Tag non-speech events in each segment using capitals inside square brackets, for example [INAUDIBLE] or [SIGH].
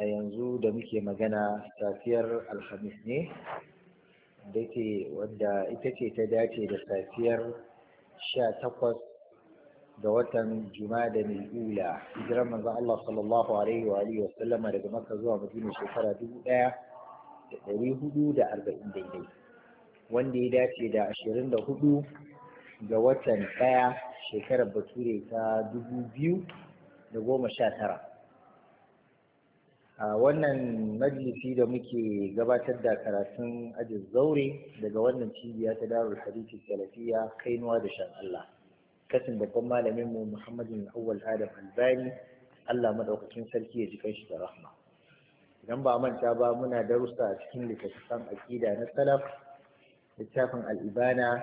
a yanzu da muke magana safiyar alhamis ne da ke wadda ita ce ta dace da safiyar sha takwas ga watan jumada mai ula hijirar manzon Allah sallallahu alaihi wa alihi wasallama daga maka zuwa madina shekara dubu ɗaya da dari hudu da arba'in daidai wanda ya dace da ashirin da hudu ga watan ɗaya shekarar bature ta dubu biyu da goma sha tara a wannan majalisi da muke gabatar da karatun ajin zaure daga wannan cibiya ta darul hadisi salafiya kainuwa da shan Allah kasin babban malamin mu Muhammadin Awwal Adam Albani Allah madaukakin sarki ya ji kanshi da rahma idan ba manta ba muna darussa a cikin littattafan aqida na salaf littafin al-ibana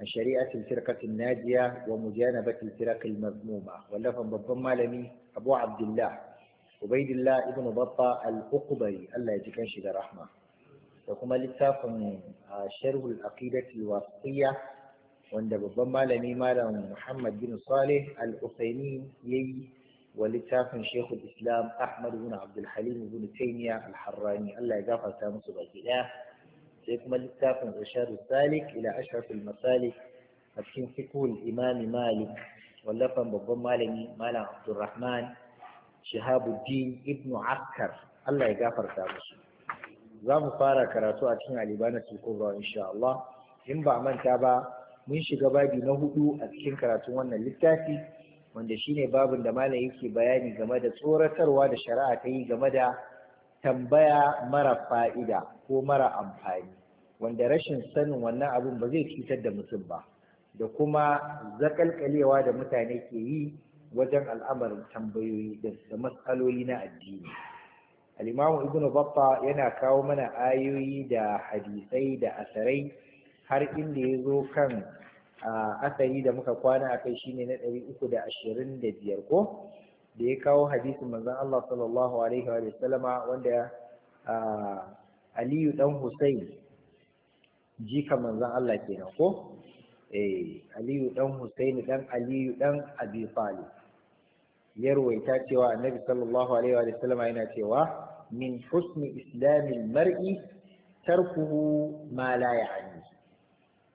a shari'atul firqatin najiya wa mujanabatil firqil mazmuma wallafan babban malami Abu Abdullah ubaidillah ibn baffa al-ukubari Allah ya ji kan shi da rahma da kuma littafin a sharhul aqidati wasiyya wanda babban malami malam Muhammad bin Salih al-Usaini yayi wa littafin Sheikhul Islam Ahmad bin Abdul Halim bin Taymiyyah al-Harrani Allah ya gafarta musu baki daya sai kuma littafin Rashadus Salik ila Ashrafil Masalik a cikin fiqhul Imam Malik wallafan babban malami malam Abdulrahman Shihabuddin Ibn Askar. Allah ya gafarta musu za mu fara karatu a cikin alibana kubra insha Allah in ba a manta ba mun shiga babi na hudu a cikin karatun wannan littafi wanda shine babin da malam yake bayani game da tsoratarwa da shari'a ta yi game da tambaya mara fa'ida ko mara amfani wanda rashin sanin wannan abun ba zai cutar da mutum ba da kuma zakalkalewa da mutane ke yi wajen al'amarin tambayoyi da matsaloli na addini al'imamu ibnu batta yana kawo mana ayoyi da hadisai da asarai har inda ya zo kan asari da muka kwana a kai shine na ɗari uku da ashirin da biyar ko da ya kawo hadisin manzon Allah sallallahu alaihi wa sallama wanda Aliyu dan Hussein jika manzon Allah kenan ko eh Aliyu dan Hussein dan Aliyu dan Abi Talib ya ruwaita cewa annabi sallallahu alaihi wa sallama yana cewa min husni islamin mar'i tarkuhu ma la ya'ni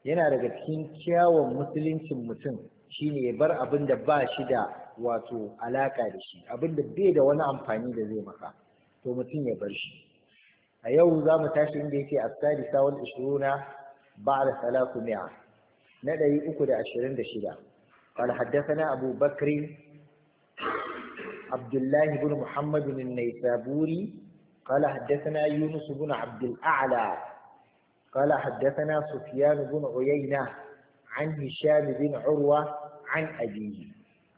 yana daga cikin kyawun musuluncin mutum shine ya bar abin da ba shi da wato alaka da shi abin da bai da wani amfani da zai maka to mutum ya bar shi a yau za mu tashi inda yake as ishiruna wal da ba'da 300 na shida, قال حدثنا أبو بكر عبد الله بن محمد النيسابوري قال حدثنا يونس بن عبد الأعلى قال حدثنا سفيان بن عيينة عن هشام بن عروة عن أبيه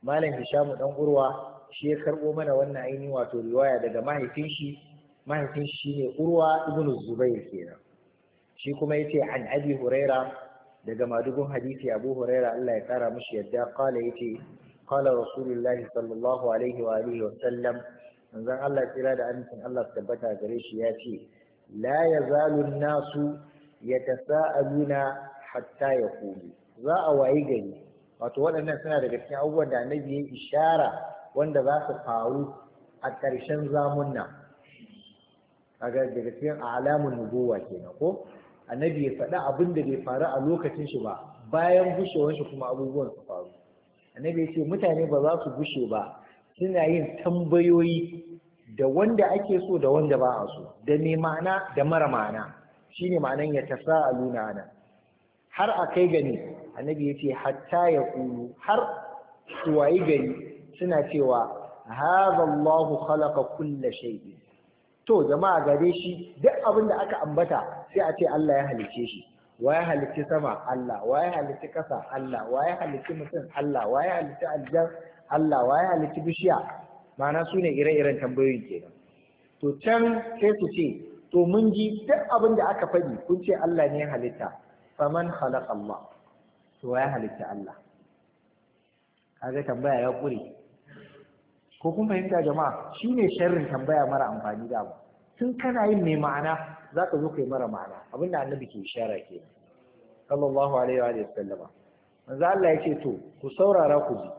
مالا هشام بن عروة شيخ ومن وانا عيني واتو رواية دقا ما هيفنشي ما هيفنشي عروة ابن الزبير كينا shi kuma ya ce an abi huraira daga madugun hadisi abu huraira Allah ya kara mushi yadda kala ya ce qala rasulullahi sallallahu alaihi wa alihi wa sallam manzon Allah tsira da amincin Allah tabbata gare shi ya ce la yazalu an-nasu yatasaaluna hatta yaqulu za a wayi gari wato waɗannan suna daga cikin abubuwan da annabi ya ishara wanda za su faru a ƙarshen zamun nan daga cikin alamun nubuwa kenan ko annabi ya faɗa abin da bai faru a lokacin shi ba bayan gushewar shi kuma abubuwan su faru annabi ya ce mutane ba za su gushe ba suna yin tambayoyi da wanda ake so da wanda ba a so da mai ma'ana da mara ma'ana shine ma'anan ya luna nan har a kai gani annabi ya ce hatta ya kulu har su wayi gari suna cewa hadha Allahu khalaqa kulla shay'in to jama'a gare shi duk abin da aka ambata sai a ce Allah ya halice shi waye halitti sama Allah waye halitti kasa Allah waye halitti mutum Allah waye halitti aljan Allah waye halitti bishiya ma'ana su ne ire-iren tambayoyin kenan to can sai su ce to mun ji duk abin da aka faɗi kun ce Allah ne halitta faman khalaqa Allah to waye halitta Allah kaga tambaya ya ƙure. ko kun fahimta jama'a shine sharrin tambaya mara amfani da mu tun kana yin mai ma'ana za ka zo kai mara ma'ana abin da annabi ke ishara ke sallallahu alaihi wa sallama manzo Allah ya ce to ku saurara ku ji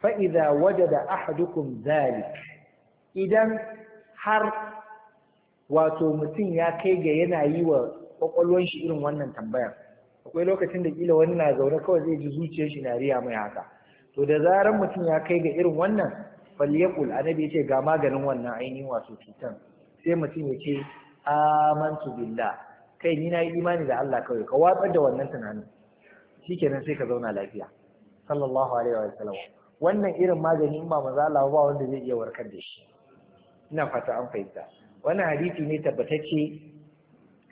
fa idza wajada ahadukum zalik idan har wato mutum ya kai ga yana yi wa kwakwalwan shi irin wannan tambayar akwai lokacin da kila wani na zaune kawai zai ji zuciyar shi na riya mai haka to da zarar mutum ya kai ga irin wannan falyakul annabi ya ce ga maganin wannan ainihin wato cutan sai mutum ya ce amantu billah kai ni na yi imani da Allah kawai ka watsar da wannan tunanin shikenan sai ka zauna lafiya sallallahu alaihi wa sallam wannan irin magani in ba manzo Allah ba wanda zai iya warkar da shi ina fata an fahimta wannan hadisi ne tabbatacce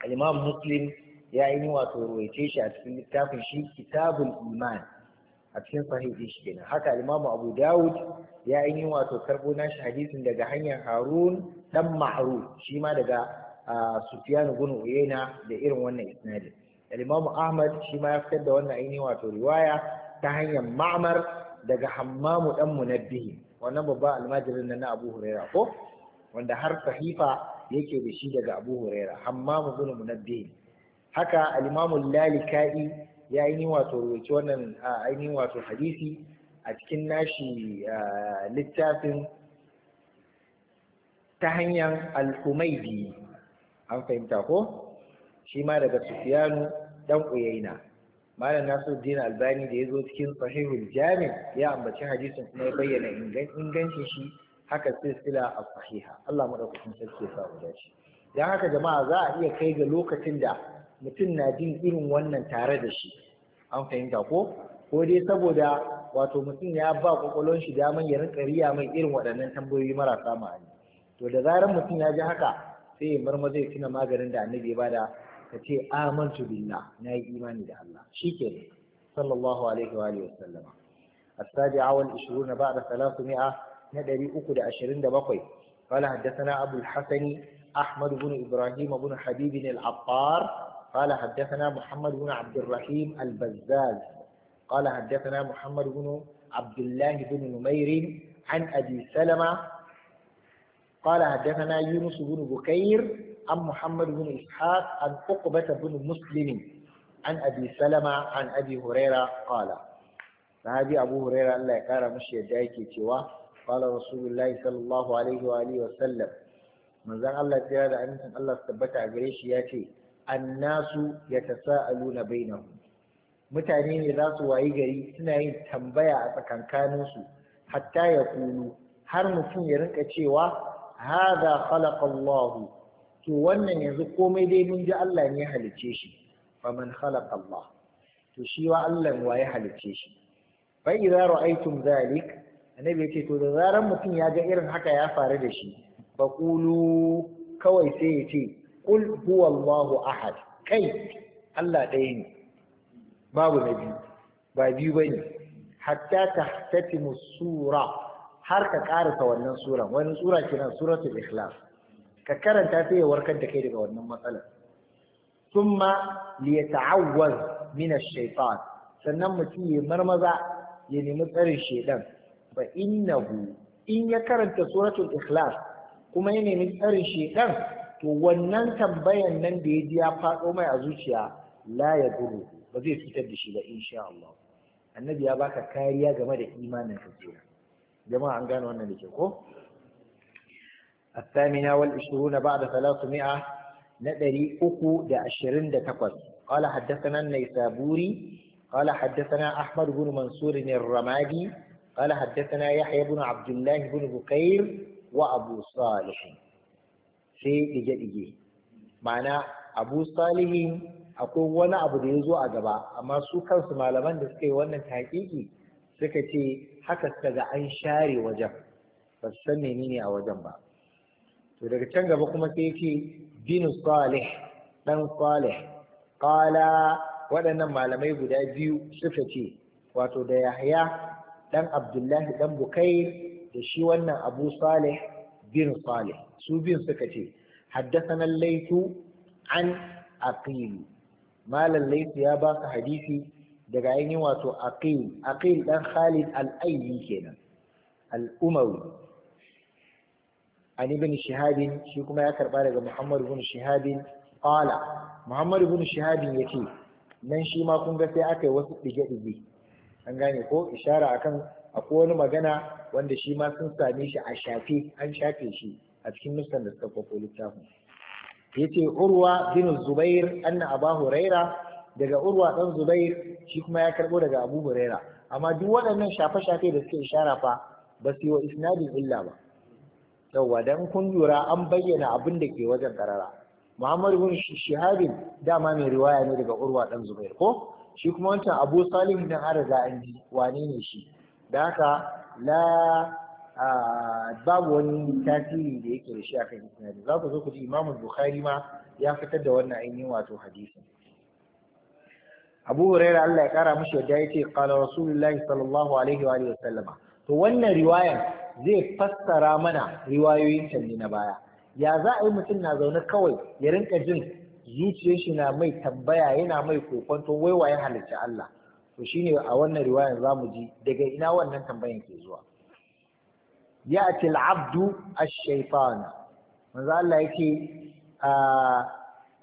al-Imam Muslim ya yi wato ruwaice shi a cikin littafin shi kitabul iman a cikin sahihi shi kenan haka al-Imam Abu Dawud ya yi wato karbo nashi hadisin daga hanyar Harun dan Ma'ruf shi ma daga Sufiyan bin Uyayna da irin wannan isnadin al-Imam Ahmad shi ma ya fitar da wannan ainihin wato riwaya ta hanyar Ma'mar daga Hammamu dan Munabbihi wannan babban almajirin na Abu Huraira ko wanda har sahifa yake da shi daga Abu Huraira Hammamu bin Munabbihi haka al-Imam Lalika'i ya ainihin wato rubuci wannan ainihin wato hadisi a cikin nashi littafin ta hanyar al-Humaydi an fahimta ko shi ma daga sufiyanu dan uyaina malam nasiruddin albani da ya zo cikin sahihul jami ya ambaci hadisin kuma ya bayyana ingancin shi haka silsila a sahiha Allah sun sarki sa mu dace dan haka jama'a za a iya kai ga lokacin da mutum na jin irin wannan tare da shi an fahimta ko ko dai saboda wato mutum ya ba kwakwalon shi damar ya rinka riya mai irin waɗannan tambayoyi marasa ma'ani to da zarar mutum ya ji haka sai ya marmaza ya tuna maganin da annabi ya bada ka ce amantu billah na yi imani da Allah shikenan sallallahu alaihi wa alihi wasallama as-sabi'a wal 20 ba'da 300 na 327 قال حدثنا أبو الحسن أحمد بن إبراهيم بن حبيب العطار قال حدثنا محمد بن عبد الرحيم البزاز قال حدثنا محمد بن عبد الله بن نمير عن أبي سلمة قال حدثنا يونس بن بكير عن محمد بن إسحاق عن عقبة بن مسلم عن أبي سلمة عن أبي هريرة قال صحابي أبو هريرة الله يقرأ مشي دايكي توا قال رسول الله صلى الله عليه وآله وسلم من ذا الله تعالى أن الله ثبت أجريش ياتي الناس يتساءلون بينهم mutane ne za su wayi gari suna yin tambaya a tsakankaninsu hatta ya kulu har mutum ya rinka cewa hada khalaqa Allah to wannan yanzu komai dai mun ji Allah ne ya halice shi faman khalaqa Allah to shi wa Allah wa ya halice shi fa idza ra'aytum zalik annabi yake to da zaran mutum ya ga irin haka ya faru da shi fa qulu kawai sai ya ce qul huwallahu ahad kai Allah ɗaya ne babu na biyu ba biyu bane hatta tahtatimu sura har ka karasa wannan sura wani sura ce nan suratul ikhlas ka karanta sai ya warkar da kai daga wannan matsalar thumma liyata'awwaz min ash-shaytan sannan mutum ya marmaza ya nemi tsarin shedan fa innahu in ya karanta suratul ikhlas kuma ya nemi tsarin shedan to wannan tambayan nan da ya ji ya faɗo mai a zuciya la ya ba zai fitar da shi ba insha Allah annabi ya baka kariya game da imanin ka kenan jama'a an gane wannan da ke ko الثامنة والعشرون بعد ثلاثمائة ندري أكو دا عشرين دا تقل قال حدثنا النيسابوري قال حدثنا أحمد بن منصور الرمادي قال حدثنا يحيى بن عبد الله بن بكير وأبو صالح في إجئي معنى أبو صالح akwai wani abu da ya zo a gaba amma su kansu malaman da suka yi wannan taƙiƙi suka ce haka suka ga an share wajen ba su san menene a wajen ba to daga can gaba kuma sai yake bin salih dan salih qala waɗannan malamai guda biyu suka ce wato da yahya dan abdullahi dan bukai da shi wannan abu salih bin salih su bin suka ce حدثنا الليث عن عقيل ما الليث يا باك hadisi. daga ainihin wato aqil aqil dan khalid al-ayyi kenan al-umawi an ibn shihab shi kuma ya karba daga muhammad ibn shihab qala muhammad ibn shihab yace nan shi ma kun ga sai aka yi wasu dige-dige an gane ko ishara akan akwai wani magana wanda shi ma sun same shi a shafe an shafe shi a cikin nuskan da suka kwafo littafin yace urwa bin zubair anna abahu raira daga urwa dan zubair shi kuma ya karɓo daga abu huraira amma duk waɗannan shafe-shafe da suke shara fa ba su yi wa isnadin illa ba yauwa dan kun lura an bayyana abin da ke wajen karara Muhammadu bin shihabin dama mai riwaya ne daga urwa dan zubair ko shi kuma wancan abu salih dan arza an ji wane ne shi da haka la babu wani tasiri da yake da shi akan isnadi za ku zo ku ji imamu bukhari ma ya fitar da wannan ainihin wato hadisi abu huraira Allah ya kara mishi yadda yace qala rasulullahi sallallahu alaihi wa sallama to wannan riwayan zai fassara mana riwayoyin can na baya ya za a yi mutum na zaune kawai ya rinka jin zuciyar shi na mai tambaya yana mai kokonto wai waye halicci Allah to shine a wannan riwayan zamu ji daga ina wannan tambayan ke zuwa ya'ti al-abdu ash-shaytan manzo Allah yake ah,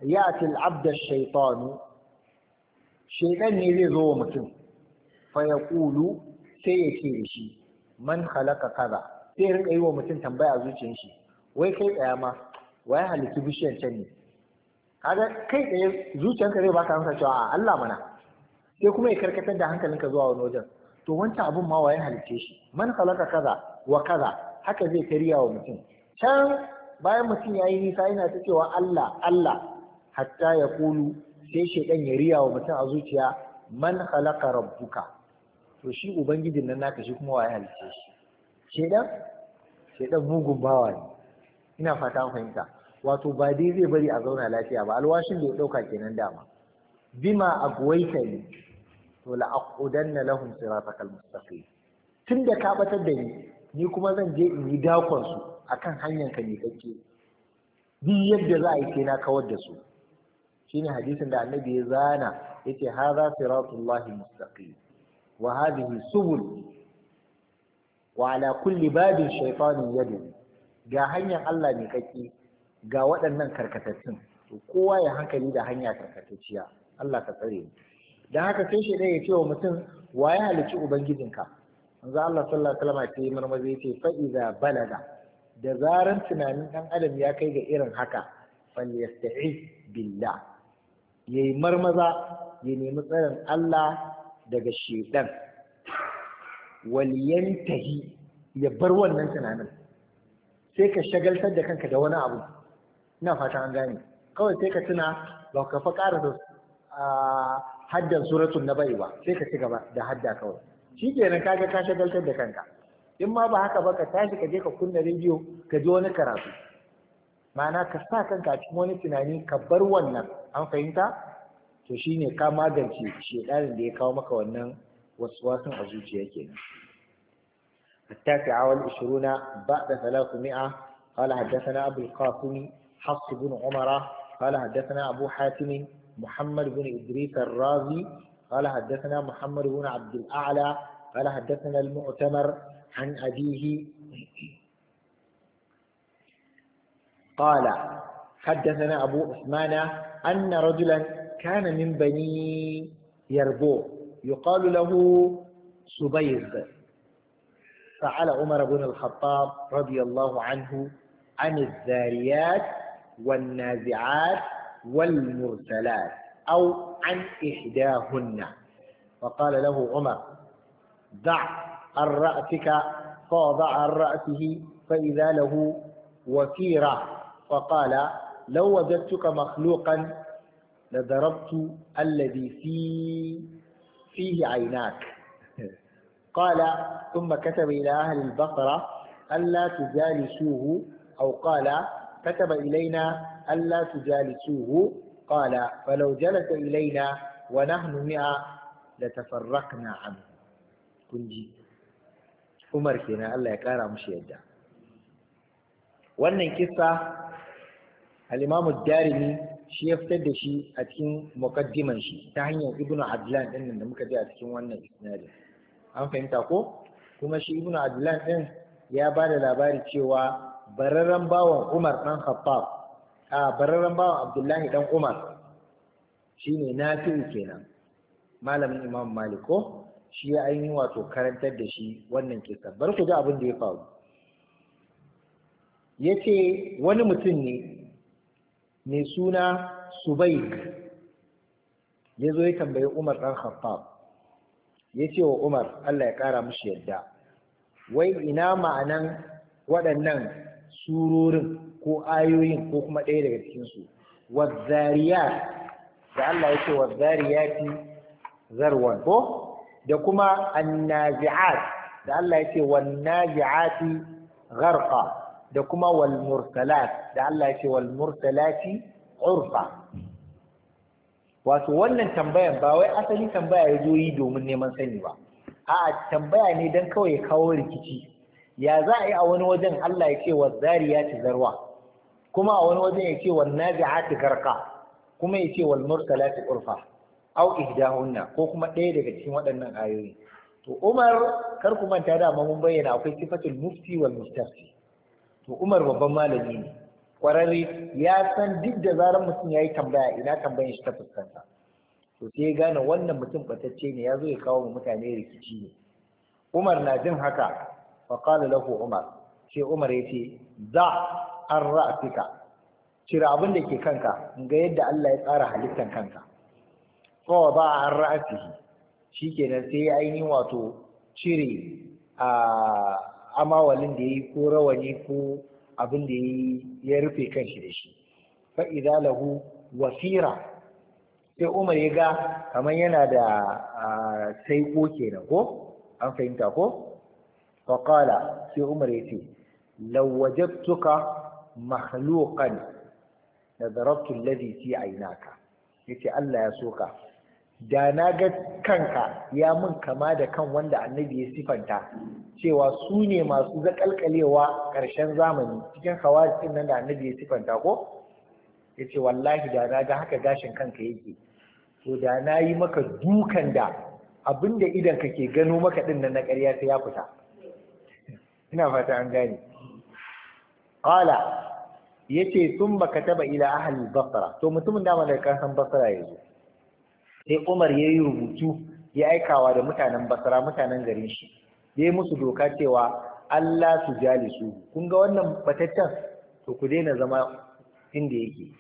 ya'ti al-abdu ash-shaytanu shaidan ne zai zo wa mutum fa ya kulu sai ya ce da shi man halaka kaza sai ya rika yi wa mutum tambaya a zuciyar shi wai kai tsaya ma wai halittu bishiyar can ne kaga kai tsaye zuciyarka zai baka amsa cewa a Allah mana sai kuma ya karkatar da hankalinka zuwa wani wajen to wancan abun ma ya halitte shi man halaka kaza wa kaza haka zai tariya wa mutum can bayan mutum ya yi nisa yana ta cewa Allah Allah hatta ya kulu sai shaidan ya riya wa mutum a zuciya man khalaqa rabbuka to shi ubangijin nan naka shi kuma waye halice shi shaidan shaidan mugun bawa ne ina fata fahimta wato ba dai zai bari a zauna lafiya ba alwashin da ya dauka kenan dama bima ni to la aqudanna lahum siratakal mustaqim tunda ka batar da ni ni kuma zan je in yi dakon su akan hanyar ka ne kake duk yadda za a yi sai na kawar da su shine hadisin da annabi ya zana yace hadha siratullahi mustaqim wa hadhihi subul wa ala kulli babin shaytanin yadu ga hanyar Allah ne kake ga waɗannan karkatattun to kowa ya hankali da hanya karkatacciya Allah ka tsare mu dan haka sai shi ya ce wa mutum wa ya halicci ubangijinka manzo Allah sallallahu alaihi wasallam yi marmazi yace fa iza balaga da zaran tunanin dan adam ya kai ga irin haka falyasta'iz billah ya yi marmaza ya nemi tsarin Allah daga shedan waliyantahi ya bar wannan tunanin sai ka shagaltar da kanka da wani abu ina fata an gane kawai sai ka tuna ba ka fa ƙara da haddan suratun na bai ba sai ka ci gaba da hadda kawai shi kenan kaga ka shagaltar da kanka in ma ba haka ba ka tashi ka je ka kunna rediyo ka ji wani karatu ma'ana ka sa kanka cikin wani tunani ka bar wannan an fahimta to shine ka magance shedarin da ya kawo maka wannan waswasin a zuciya kenan التاسعة والعشرون بعد ثلاثمائة قال حدثنا أبو القاسم حفص بن عمر قال حدثنا أبو حاتم محمد بن إدريس الرازي قال حدثنا محمد بن عبد الأعلى قال حدثنا المؤتمر عن أبيه قال حدثنا أبو عثمان أن رجلا كان من بني يربوع يقال له سبيض فعل عمر بن الخطاب رضي الله عنه عن الذاريات والنازعات والمرسلات أو عن إحداهن فقال له عمر دع عن رأسك فوضع عن رأسه فإذا له وفيرة فقال لو وجدتك مخلوقا لضربت الذي في فيه عيناك قال ثم كتب إلى أهل البصرة ألا تجالسوه أو قال كتب إلينا ألا تجالسوه قال فلو جلس إلينا ونحن مئة لتفرقنا عنه كنجي Umar kenan Allah ya kara mushi yadda wannan kissa alimamu jarumi shi ya fitar da shi a cikin muqaddiman shi ta hanyar ibnu adlan din da muka ji a cikin wannan isnadin an fahimta ko kuma shi ibnu adlan din ya ba da labari cewa bararren bawan umar dan khattab a bararren bawan abdullahi dan umar shine nafi'u kenan malamin imam malik ko shi ya yi wato karantar da shi wannan kisa bar ku ji abin da ya faru ya ce wani mutum ne mai suna subaik ya zo ya tambayi umar ɗan khattab ya ce wa umar allah ya ƙara mushi yadda wai ina ma'anan waɗannan surorin ko ayoyin ko kuma ɗaya daga cikinsu Wazzariya. da allah ya ce fi zarwan ko da kuma annazi'at da allah ya ce wannazi'ati gharqa da kuma wal mursalat da Allah ya ce wal mursalati urfa wato wannan tambayan ba wai asali tambaya ya zo yi domin neman sani ba a'a tambaya ne dan kawai kawo rikici ya za a yi a wani wajen Allah ya ce wa zariyati zarwa kuma a wani wajen ya ce wa nazi'ati garka kuma ya ce wal mursalati urfa au ihdahunna ko kuma ɗaya daga cikin waɗannan ayoyi to Umar kar ku manta da mun bayyana akwai sifatul mufti wal mustafti to Umar babban malami ne kwararre ya san duk da zarar mutum ya yi tambaya ina tambayan shi ta fuskanta to sai ya gane wannan mutum batacce ne ya zo ya kawo mu mutane rikici ne Umar na jin haka fa qala lahu Umar sai Umar ya ce za an ra'afika cire abin da ke kanka in ga yadda Allah ya tsara halittar kanka fa ba an ra'afihi shikenan sai ya ainihin wato cire a ah, amawalin da ya yi ko rawani ko abin da ya rufe kanshi da shi fa idza lahu wasira sai Umar ya ga kamar yana da saiko kenan ko an fahimta ko fa qala sai Umar ya ce law wajadtuka makhluqan la a alladhi fi aynaka yace Allah ya soka da na ga kanka ya mun kama da kan wanda annabi ya sifanta cewa su ne masu zakalkalewa ƙarshen zamani cikin hawa nan da annabi ya sifanta ko ya ce wallahi da na ga haka gashin kanka yake to da na yi maka dukan da abin da idan ka ke gano maka ɗin nan na ƙarya sai ya fita ina fata an gane qala yace sun baka taba ila ahli basra to mutumin da malaka san basra yazo sai Umar ya yi rubutu ya aikawa da mutanen basara mutanen garin shi ya yi musu doka cewa Allah su jalisu kun ga wannan bataccen to ku daina zama inda yake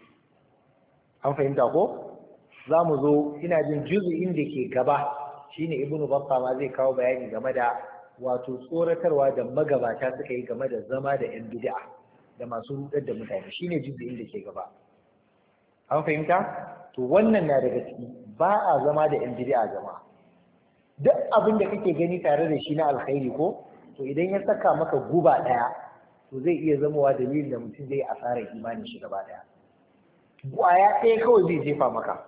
an fahimta ko za mu zo ina jin juzu inda ke gaba shine ibnu baffa ma zai kawo bayani game da wato tsoratarwa da magabata suka yi game da zama da yan bid'a da masu rudar da mutane shine juzu inda ke gaba an fahimta to wannan na daga ciki ba a zama da yan a zama. duk abin da kake gani tare da shi na alkhairi ko to idan ya saka maka guba ɗaya to zai iya zamowa dalilin da mutum zai asarar imanin shi gaba daya ya ɗaya kawai zai jefa maka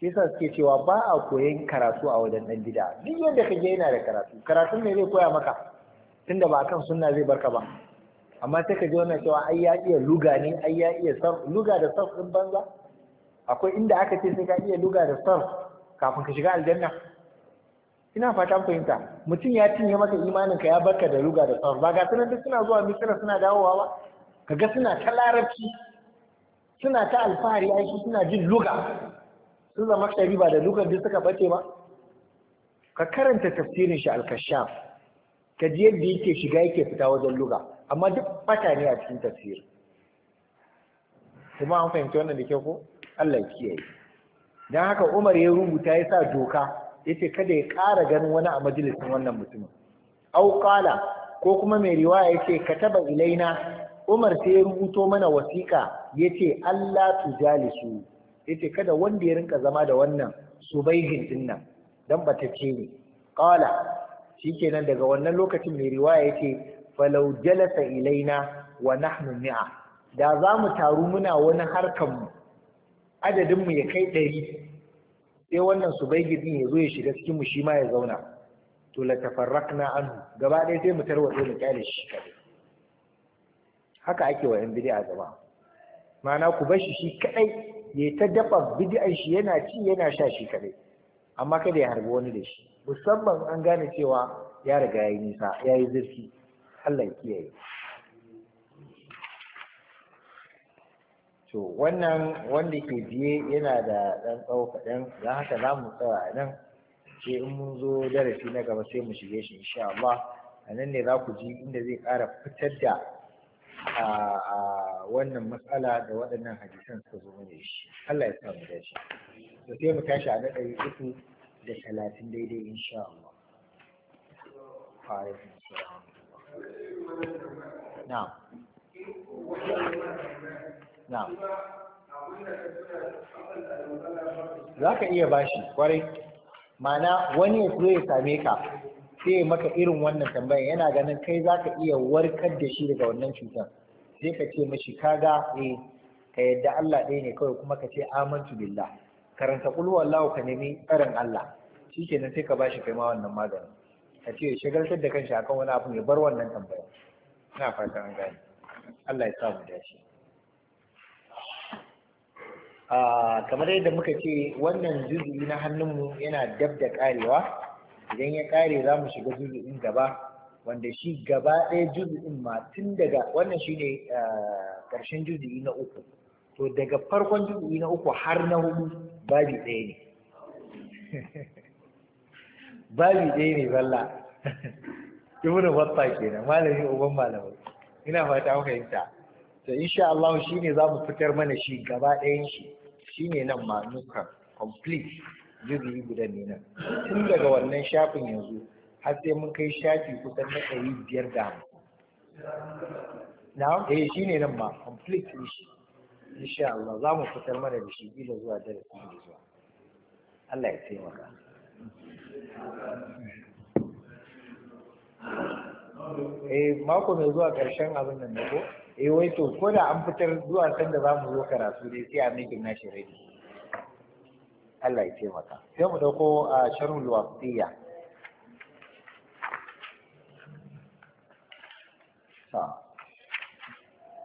shi yasa suke cewa ba a koyan karatu a wajen ɗan bid'a duk yadda ka ga yana da karatu karatun ne zai koya maka tunda ba a kan sunna zai barka ba amma sai ka ji wannan cewa ai ya iya luga ne ai ya iya luga da sarf din banza akwai inda aka ce sai ka iya luga da sarf kafin ka shiga aljanna ina fatan fahimta mutum ya cinye maka imanin ka ya barka da luga da sarf ba ga sunan duk suna zuwa misira suna dawowa ba kaga suna ta larabci suna ta alfahari aiki suna jin luga sun zama shari ba da lugar duk suka bace ba ka karanta tafsirin shi al-kashaf ka ji yadda yake shiga yake fita wajen luga amma duk bata ne a cikin tafsir kuma an fahimci wannan da kyau ko Allah ya kiyaye dan haka Umar ya rubuta ya sa doka yace kada ya ƙara ganin wani a majalisin wannan mutumin au qala ko kuma mai riwaya yace kataba ilaina Umar sai ya rubuto mana wasiƙa yace Allah su, yace kada wanda ya rinka zama da wannan subaihin din nan ne. batacce shi qala shikenan daga wannan lokacin mai riwaya yace falau jalasa ilaina wa nahnu mi'a da za mu taru muna wani harkan mu adadin mu ya kai ɗari sai wannan su bai ya zo ya shiga cikin mu shi ma ya zauna to la tafarraqna anhu gaba ɗaya sai mu tarwatse mu kyale shi kadai haka ake wa yan bid'a gaba ma'ana ku bar shi shi kadai ya ta dafa bid'a shi yana ci yana sha shi kadai amma kada ya harbi wani da shi musamman an gane cewa ya riga ya yi nisa ya yi zurfi Allah ya kiyaye to wannan wanda ke biye yana da ɗan tsawo kaɗan don haka za mu tsaya a nan sai in mun zo darasi na gaba sai mu shige shi insha Allah a nan ne za ku ji inda zai ƙara fitar da wannan matsala da waɗannan hadisan suka zo mana shi Allah ya sa mu dace to sai mu tashi a na ɗari uku da talatin daidai insha Allah Na'am. na'am za ka iya bashi kwarai mana wani ya zo ya same ka sai maka irin wannan tambayan yana ganin kai za ka iya warkar da shi daga wannan cutar sai ka ce mashi kaga eh ka yadda Allah ɗaya ne kawai kuma ka ce amantu billah karanta kul wallahu ka nemi tsarin Allah shikenan sai ka bashi kai ma wannan magani ka ce shagaltar da kanshi akan wani abu ya bar wannan tambaya ina fata an gani, Allah ya sa mu kamar yadda muka ce wannan juzu'i na hannunmu yana dab da karewa idan ya kare za mu shiga juzu'in gaba wanda shi gaba ɗaya juzu'in ma tun daga wannan shi ne ƙarshen juzu'i na uku to daga farkon juzu'i na uku har na hudu babi ɗaya ne [LAUGHS] babi ɗaya ne balla [LAUGHS] ibnu watta kenan malami uban malamai ina fata fahimta to insha Allah shine za mu fitar mana shi gaba ɗayan shi shine nan ma nuka complete juzuyi guda ne nan tun daga wannan shafin yanzu har sai mun kai shafi kusan na ɗari biyar da hamsin na eh ne nan ma complete ne shi insha Allah za mu fitar mana da shi ila zuwa da da zuwa Allah ya taimaka eh mako mai zuwa ƙarshen abin nan ne ko eh wai to ko da an fitar zuwa sanda za mu zo karatu dai sai a mikin nashi rabi Allah ya taimaka sai mu dauko a sharhul wasiya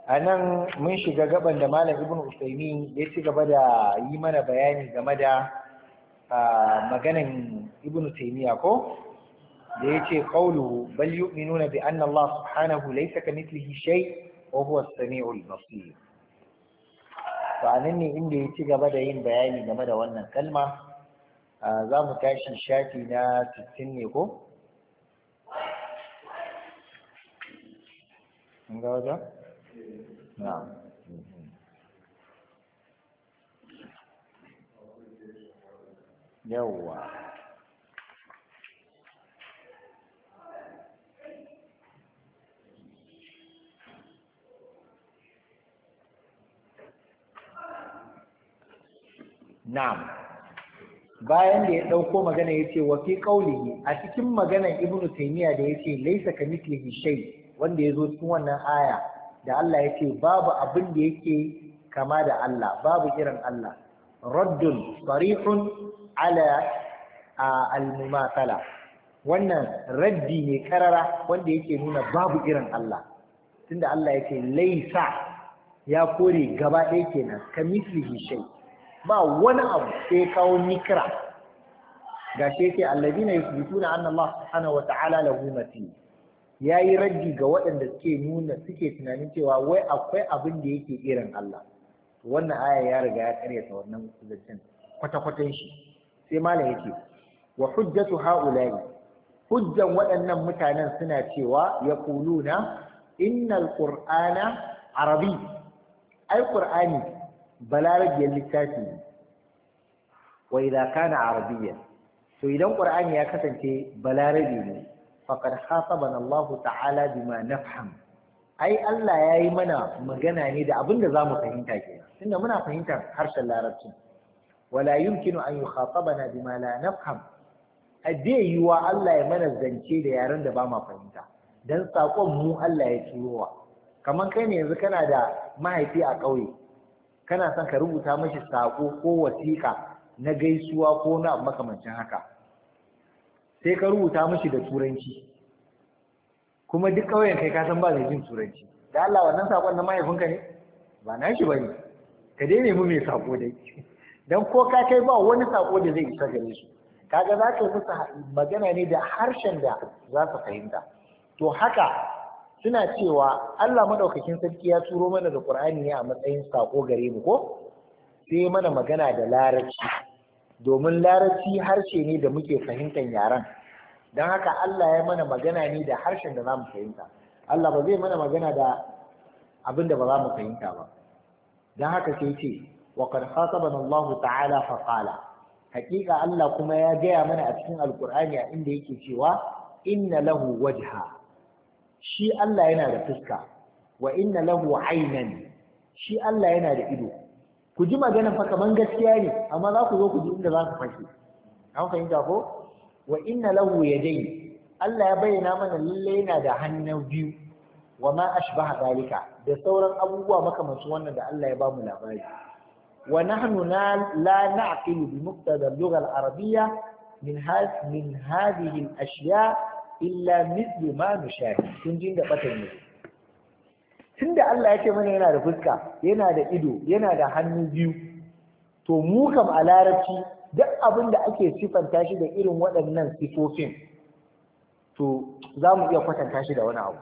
a nan mun shiga gaban da malam ibn usaimi ya ci gaba da yi mana bayani game da maganan ibn taimiya ko da yace qawluhu bal yu'minuna bi anna Allah subhanahu laysa kamithlihi shay wa huwa sami'ul basir to anan ne inda ya ci gaba da yin bayani game da wannan kalma za mu tashi shafi na 60 ne ko na'am bayan da ya ɗauko magana ya ce wafi ƙaulihi a cikin maganar Ibn taimiyya da ya ce laisa ka mislihi wanda ya zo cikin wannan aya da Allah ya ce babu abin da yake kama da Allah babu irin Allah raddun sarihun ala al almumatala. wannan raddi ne karara wanda yake nuna babu irin Allah tunda Allah ya ce laisa ya kore gaba ɗaya kenan ka mislihi ba wani abu sai kawo nikira ga shi yake alladina yusbituna anna Allah subhanahu wa ta'ala lahu mati yayi ga waɗanda suke nuna suke tunanin cewa wai akwai abin da yake irin Allah wannan aya ya riga ya karyata wannan zancen kwata-kwatan shi sai malam yake wa hujjatu ha'ula'i hujjan waɗannan mutanen suna cewa ya kuluna innal qur'ana arabi ai qur'ani balarabiyar littafi ne wa idza kana arabiyyan to idan qur'ani ya kasance balarabi ne faqad hasabana Allahu ta'ala bima nafham ai Allah yayi mana magana ne da abin da zamu fahimta kenan tunda muna fahimtar harshen larabci wala yumkinu an yukhatabana bima la nafham a dai Allah ya mana zance da yaren da ba ma fahimta dan sakon mu Allah ya turowa kamar kai ne yanzu kana da mahaifi a ƙauye kana son ka rubuta mashi sako ko wasiƙa na gaisuwa ko na makamancin haka sai ka rubuta mashi da turanci kuma duk ƙauyen kai ka san ba zai jin turanci da Allah wannan saƙon na mahaifinka ne ba na shi bane ka dai nemi mai saƙo dai dan ko ka kai ba wani sako da zai isa gare su kaga za ka yi musu magana ne da harshen da za su fahimta to haka suna cewa Allah madaukakin sarki ya turo mana da Qur'ani ne a matsayin sako gare mu ko sai mana magana da larabci domin larabci harshe ne da muke fahimtar yaren don haka Allah ya mana magana ne da harshen da za mu fahimta Allah ba zai mana magana da abin da ba za mu fahimta ba don haka sai ce wa qad khatabana Allah ta'ala fa qala hakika Allah kuma ya gaya mana a cikin alqur'ani a inda yake cewa inna lahu wajha shi Allah yana da fuska wa inna lahu aynan shi Allah yana da ido ku ji magana fa kaman gaskiya ne amma za ku zo ku ji inda za ku fashe an fahimta ko wa inna lahu yadayn Allah ya bayyana mana lalle yana da hannu biyu wa ma ashbaha dalika da sauran abubuwa makamansu wannan da Allah ya ba mu labari wa nahnu la na'qilu bi muqtada al-lugha al-arabiyya min hadhihi al-ashya' illa mislu ma nushahid kun jin da batan ne tunda Allah ya ce mana yana da fuska yana da ido yana da hannu biyu to mu kam a larabci duk abin da ake sifanta shi da irin waɗannan sifofin to za mu iya kwatanta shi da wani abu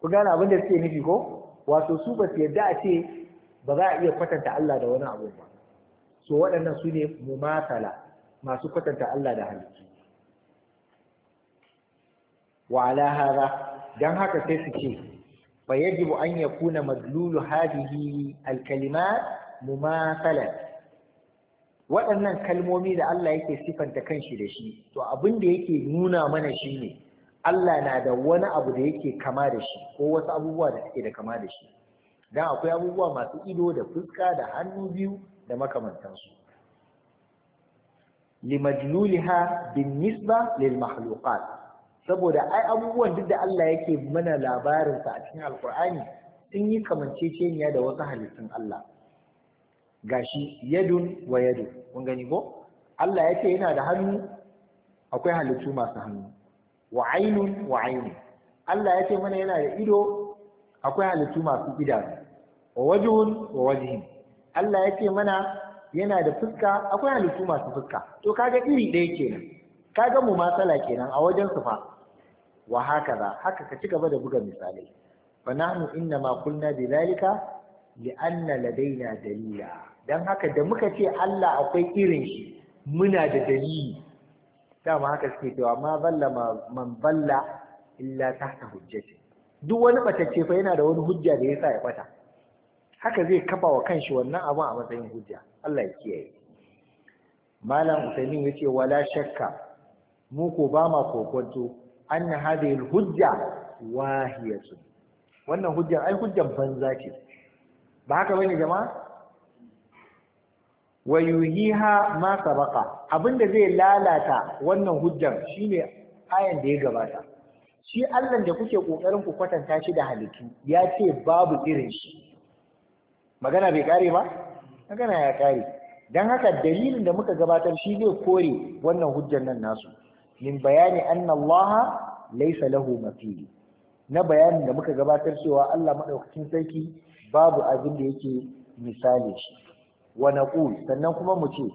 ku gane abin da suke nufi ko wato su ba su yadda a ce ba za a iya kwatanta Allah da wani abu ba so waɗannan su ne mumatala masu kwatanta Allah da halittu wa ala hada dan haka sai su ce fa yajibu an yakuna madlulu hadhihi alkalimat mumathalan waɗannan kalmomi da Allah yake sifanta kanshi da shi to abin da yake nuna mana shine Allah na da wani abu da yake kama da shi ko wasu abubuwa da suke da kama da shi dan akwai abubuwa masu ido da fuska da hannu biyu da makamantansu majluliha bin nisba lil mahluqat saboda ai abubuwan duk da Allah yake mana labarinsa a cikin alkur'ani sun yi kamanceceniya da wasu halittun Allah gashi yadun wa yadu kun gani ko Allah yake yana da hannu akwai halittu masu hannu wa ainun wa ainun Allah yake mana yana da ido akwai halittu masu idanu wa wajhun wa wajhin Allah yake mana yana da fuska akwai halittu masu fuska to kaga iri ɗaya kenan kaga mu masala kenan a wajen su fa wa hakaza haka ka ci gaba da buga misalai fa nahnu inna ma qulna bidhalika li anna ladaina dalila dan haka da muka ce Allah akwai irin shi muna da dalili dama haka suke cewa ma zalla man balla illa tahta hujjati duk wani batacce fa yana da wani hujja da yasa ya bata haka zai kafa wa kanshi wannan abun a matsayin hujja Allah ya kiyaye malam usaimin ce wala shakka mu ko ba ma kokonto anna hadhihi al-hujja wahiyatu wannan hujjar ai hujjar banza ce ba haka bane jama'a wa yuhiha ma sabaqa abinda zai lalata wannan hujjar shine ayan da ya gabata shi Allah da kuke kokarin ku kwatanta shi da halittu ya ce babu irin shi magana bai kare ba magana ya kare dan haka dalilin da muka gabatar shi zai kore wannan hujjar nan nasu min bayani anna Allah laysa lahu mathil na bayanin da muka gabatar cewa Allah madaukakin sarki babu abin da yake misali shi wa naqul sannan kuma mu ce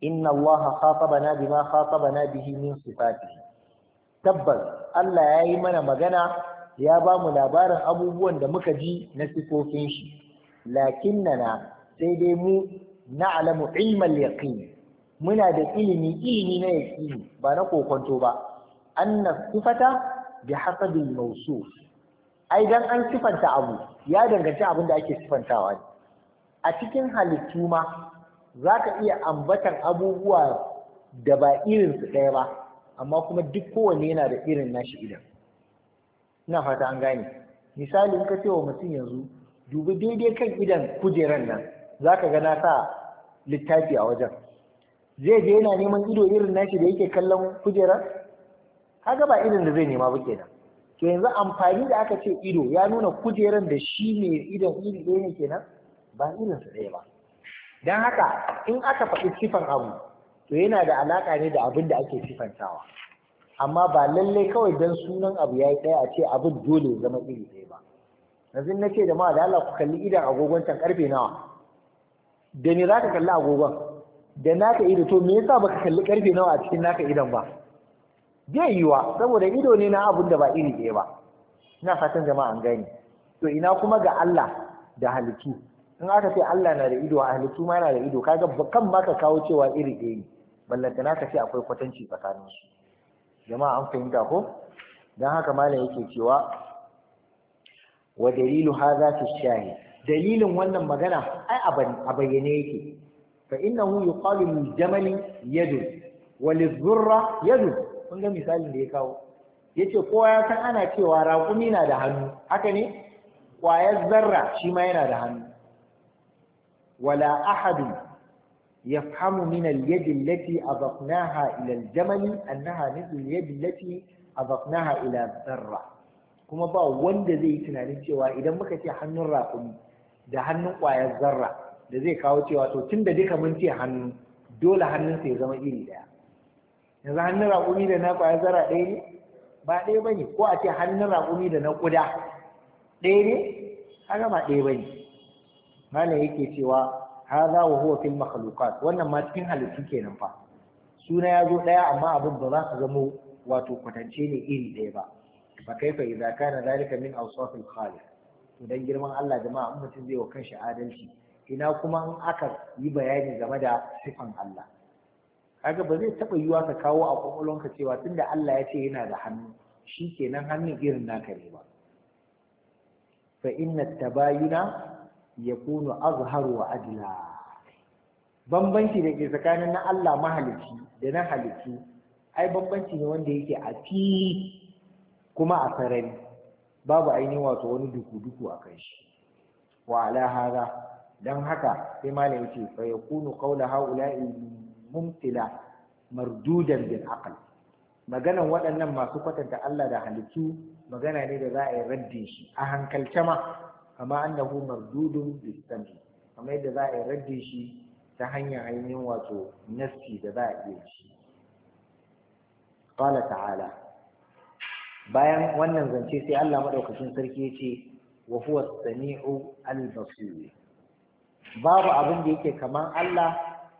inna Allah khatabana bima khatabana bihi min sifatihi tabbas Allah yayi mana magana ya ba mu labarin abubuwan da muka ji na sifofin shi lakinnana sai dai mu na'lamu ilmal yaqin muna da ilimi ilimi na yaqini ba na kokonto ba anna sifata bi hasabi mawsuf ai dan an sifanta abu ya danganci abin da ake sifantawa ne a cikin halittu ma zaka iya ambatan abubuwa da ba irin su ɗaya ba amma kuma duk kowanne yana da irin nashi idan ina fata an gane misali in ka ce wa mutum yanzu dubi daidai kan idan kujeran nan zaka ga na sa littafi a wajen zai je yana neman ido irin nashi da yake kallon kujerar haka ba irin da zai nema ba kenan to yanzu amfani da aka ce ido ya nuna kujeran da shi ne idon iri ɗaya ne kenan ba irin su ɗaya ba don haka in aka faɗi sifan abu to yana da alaƙa ne da abin da ake sifantawa amma ba lallai kawai don sunan abu ya yi ɗaya a ce abin dole ya zama iri ɗaya ba yanzu na ce da ma da Allah ku kalli idan agogon can karfe nawa da ni za ka kalli agogon da naka ido to me yasa baka kalli karfe nawa a cikin naka idon ba zai yiwa saboda ido ne na abun da ba iri ɗaya ba ina fatan jama'a an gani. to ina kuma ga Allah da halittu in aka ce Allah na da ido halittu ma na da ido kaga kan ma ka kawo cewa iri ɗaya ne ballanta naka ce akwai kwatanci tsakanin su jama'a an fahimta ko dan haka malam yake cewa wa dalilu hadha fi dalilin wannan magana ai a bayyane yake فإنه يقال للجمل يد وللذرة يد kun ga misalin da ya kawo yace kowa ya san ana cewa raƙumi na da hannu haka ne ƙwayar zarra shi ma yana da hannu wala ya yafhamu min al-yadi allati adafnaha ila al-jamal annaha mithlu al-yadi allati adafnaha ila zarra kuma ba wanda zai yi tunanin cewa idan muka ce hannun raƙumi da hannun ƙwayar zarra da zai kawo cewa to tun da duka mun ce hannu dole hannunsa ya zama iri ɗaya yanzu hannun raƙumi da na ƙwayar zara ɗaya ne ba ɗaya ba ko a ce hannun raƙumi da na ƙuda ɗaya ne haka ba ɗaya ba malam yake cewa haza wa huwa fil makhluqat wannan ma cikin halittu kenan fa suna ya zo ɗaya amma abin ba za ka zamo wato kwatance ne iri ɗaya ba fa idza kana zalika min awsafil khaliq to dan girman Allah jama'a in mutum zai wa kanshi adalci ina kuma in aka yi bayani game da sifan Allah kaga ba zai taɓa yiwa ka kawo a kwakwalwanka cewa tunda Allah ya ce yana da hannu shi kenan hannun irin naka ne ba fa inna tabayuna yakunu azharu wa adla bambanci da ke tsakanin na Allah mahalici da na halittu ai bambanci ne wanda yake a fili kuma a sarari babu ainihin wato wani duku-duku a kan shi wa ala haza dan haka sai malam yace fa yakunu qawla haula'i mumtila mardudan bil aql maganan waɗannan masu kwatanta Allah da halittu magana ne da za a yi raddin shi a hankalce ma Kamar annahu mardudun bis sam'i kamar yadda za a yi raddin shi ta hanyar ainihin wato nafsi da za a iya shi qala ta'ala bayan wannan zance sai Allah madaukakin sarki yace wa huwa as-sami'u al-basir babu abin da yake kamar Allah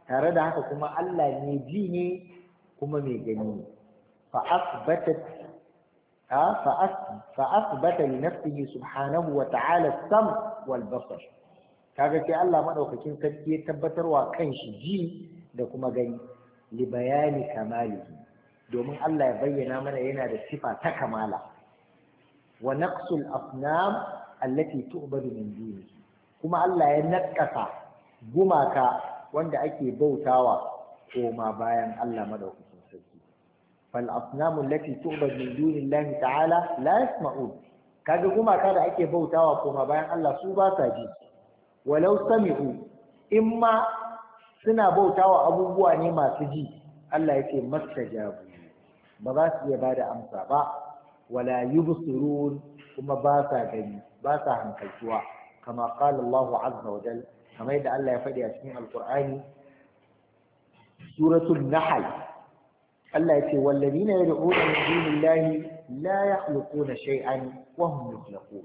tare da haka kuma Allah ne ji ne kuma mai gani ne fa asbatat fa asbata li nafsihi subhanahu wa ta'ala sam wal basar kaga sai Allah madaukakin sarki ya tabbatarwa kanshi ji da kuma gani li bayani kamalihi domin Allah ya bayyana mana yana da sifa ta kamala wa naqsul afnam allati tu'badu min dunihi kuma Allah ya nakasa gumaka wanda ake bautawa koma bayan Allah madaukakin sarki fal asnamu allati tu'bad min dunillahi ta'ala la yasma'un kaga gumaka da ake bautawa koma bayan Allah su ba sa ji walau sami'u imma suna bautawa abubuwa ne masu ji Allah yake mastajabu ba za su iya bada amsa ba wala yubsirun kuma ba sa gani ba sa hankaltuwa kama qala Allahu azza wa jalla kamar yadda Allah ya faɗi a cikin alqur'ani suratun Nahal, Allah ya ce wallazina yad'una min dunillahi na yakhluquna shay'an wa hum yukhlaqun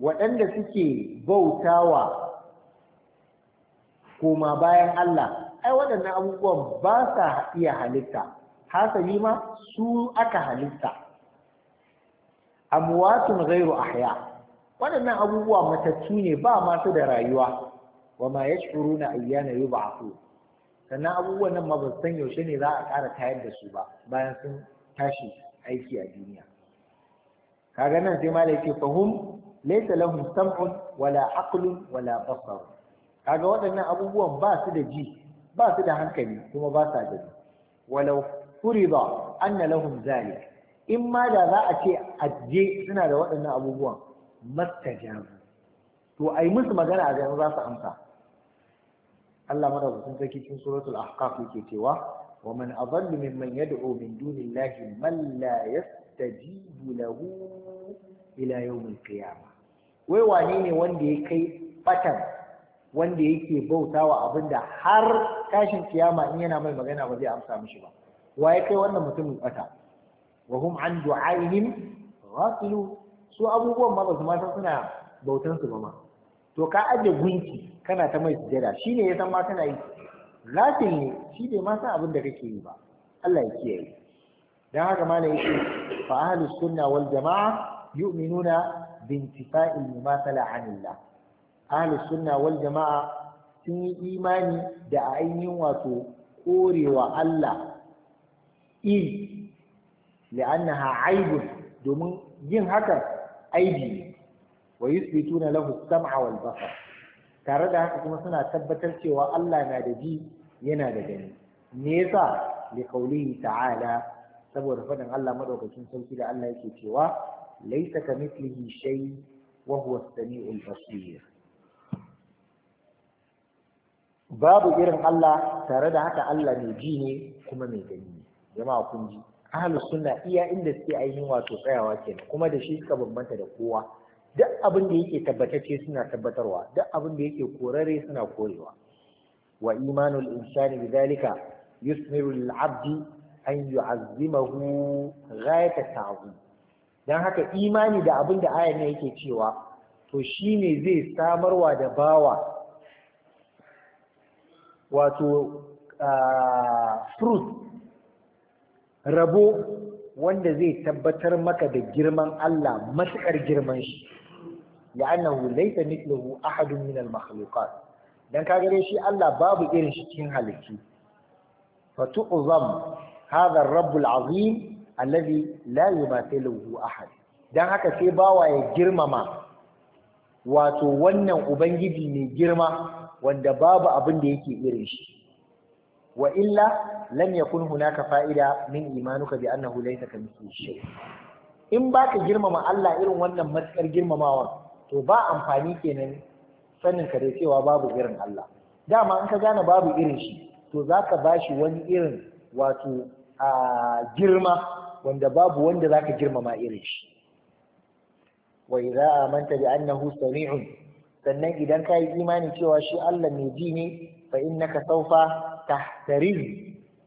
waɗanda suke bautawa koma bayan Allah ai waɗannan abubuwan ba sa iya halitta hasali ma su aka halitta amwatun ghairu ahya waɗannan abubuwa matattu ne ba masu da rayuwa wa ma na ayyana yi ba yub'athu sannan abubuwan nan ma ba san yaushe ne za a ƙara tayar da su ba bayan sun tashi aiki a duniya kaga nan sai malai ke fahum laisa lahum sam'un wala aqlun wala basar kaga waɗannan abubuwan ba su da ji ba su da hankali kuma ba sa gani walau furida anna lahum zalik in ma da za a ce aje suna da waɗannan abubuwan mastajabu to ai musu magana a jami'a za su amsa Allah madaukakin sarki cikin suratul ahqaf yake cewa wa man adallu mimman yad'u min dunillahi man la yastajibu lahu ila yawmil qiyamah wai wane ne wanda ya kai batan wanda yake bautawa abinda har tashin kiyama in yana mai magana ba zai amsa mishi ba wa ya kai wannan mutumin bata wa hum an du'aihim ghafilu su abubuwan ma ba su mata suna bautan su ba ma to ka aje gunki kana ta mai sujada shine ya san ma kana yi rafin ne shi bai ma san abin da kake yi ba Allah ya kiyaye dan haka malam yake fa ahlus sunna wal jamaa yu'minuna bi ma tala anillah ahlus sunna wal jamaa sun yi imani da ainihin wato korewa Allah in li'annaha aibun domin yin hakan aibi ne wa yusbituna lahu sam'a wal basar tare da haka kuma suna tabbatar cewa Allah na da ji yana da gani me yasa li qawlihi ta'ala saboda faɗin Allah madaukakin sarki da Allah yake cewa laysa kamithlihi shay wa huwa as-sami'ul basir babu irin Allah tare da haka Allah mai ji ne kuma mai gani jama'a kun ji ahlus sunna iya inda suke ainihin wato tsayawa kenan kuma da shi suka bambanta da kowa duk abin da yake tabbatacce suna tabbatarwa duk abin da yake korare suna korewa wa imanul insani bidhalika yusmiru lil abdi an yu'azzimahu ghayata ta'zim dan haka imani da abin da ayan yake cewa to shine zai samarwa da bawa wato ah, fruit rabo wanda zai tabbatar maka da girman Allah matuƙar girman shi la'annahu laysa mithluhu ahadun min al-makhluqat dan ka gare shi Allah babu irin shi cikin halittu fa tu'zam hadha ar-rabb al-azim alladhi la yumathiluhu ahad dan haka sai bawa ya girmama wato wannan ubangiji mai girma wanda babu abin da yake irin shi wa illa lam yakun ka fa'ida min imanuka bi annahu laysa in baka girmama Allah irin wannan matsar girmamawa to ba amfani kenan sanin ka da cewa babu irin Allah dama in ka gane babu irin shi to zaka bashi wani irin wato girma wanda babu wanda zaka girmama irin shi wa idza amanta bi annahu sami'un sannan idan ka yi imani cewa shi Allah mai ji ne fa innaka saufa tahtarir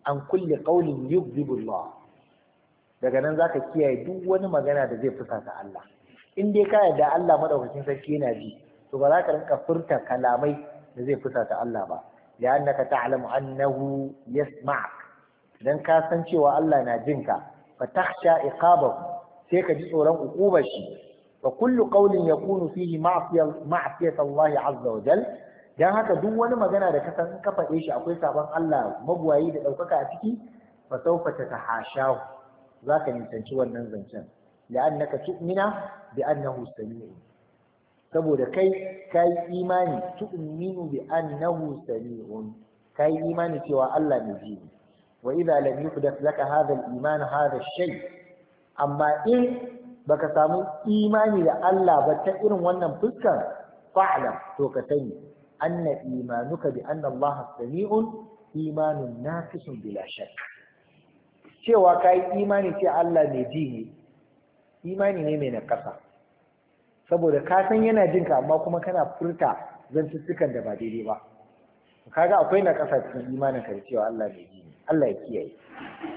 an kulli qawlin yubdibu Allah daga nan zaka kiyaye duk wani magana da zai fusata Allah in dai ka yarda Allah madaukakin sarki yana ji to ba za ka rinka furta kalamai da zai fusata Allah ba li'annaka ta'lamu annahu yasma'ak dan ka san cewa Allah na jinka fa takhsha iqabahu sai ka ji tsoron ukubar shi فكل قول يكون فيه معصية معصية الله عز وجل dan haka duk wani magana da kasan ka faɗe shi akwai sabon Allah magwayi da ɗaukaka a ciki fa sawfa za ka nisanci wannan zancen la'annaka tu'mina bi annahu sami'un saboda kai kai imani tu'minu bi annahu sami'un kai imani cewa Allah ne ji wa idza lam yuhdath laka hadha al-iman hadha ash-shay amma in baka samu imani da Allah ba ta irin wannan fuskan fa'lam to ka sani anna imanuka bi anna Allah sami'un imanun nafisun bila shakk cewa kai imani ce Allah mai ji ne imani ne mai nakasa saboda ka san yana jin ka amma kuma kana furta zantuttukan da ba daidai ba kaga akwai nakasa cikin imanin ka cewa Allah mai ji ne Allah ya kiyaye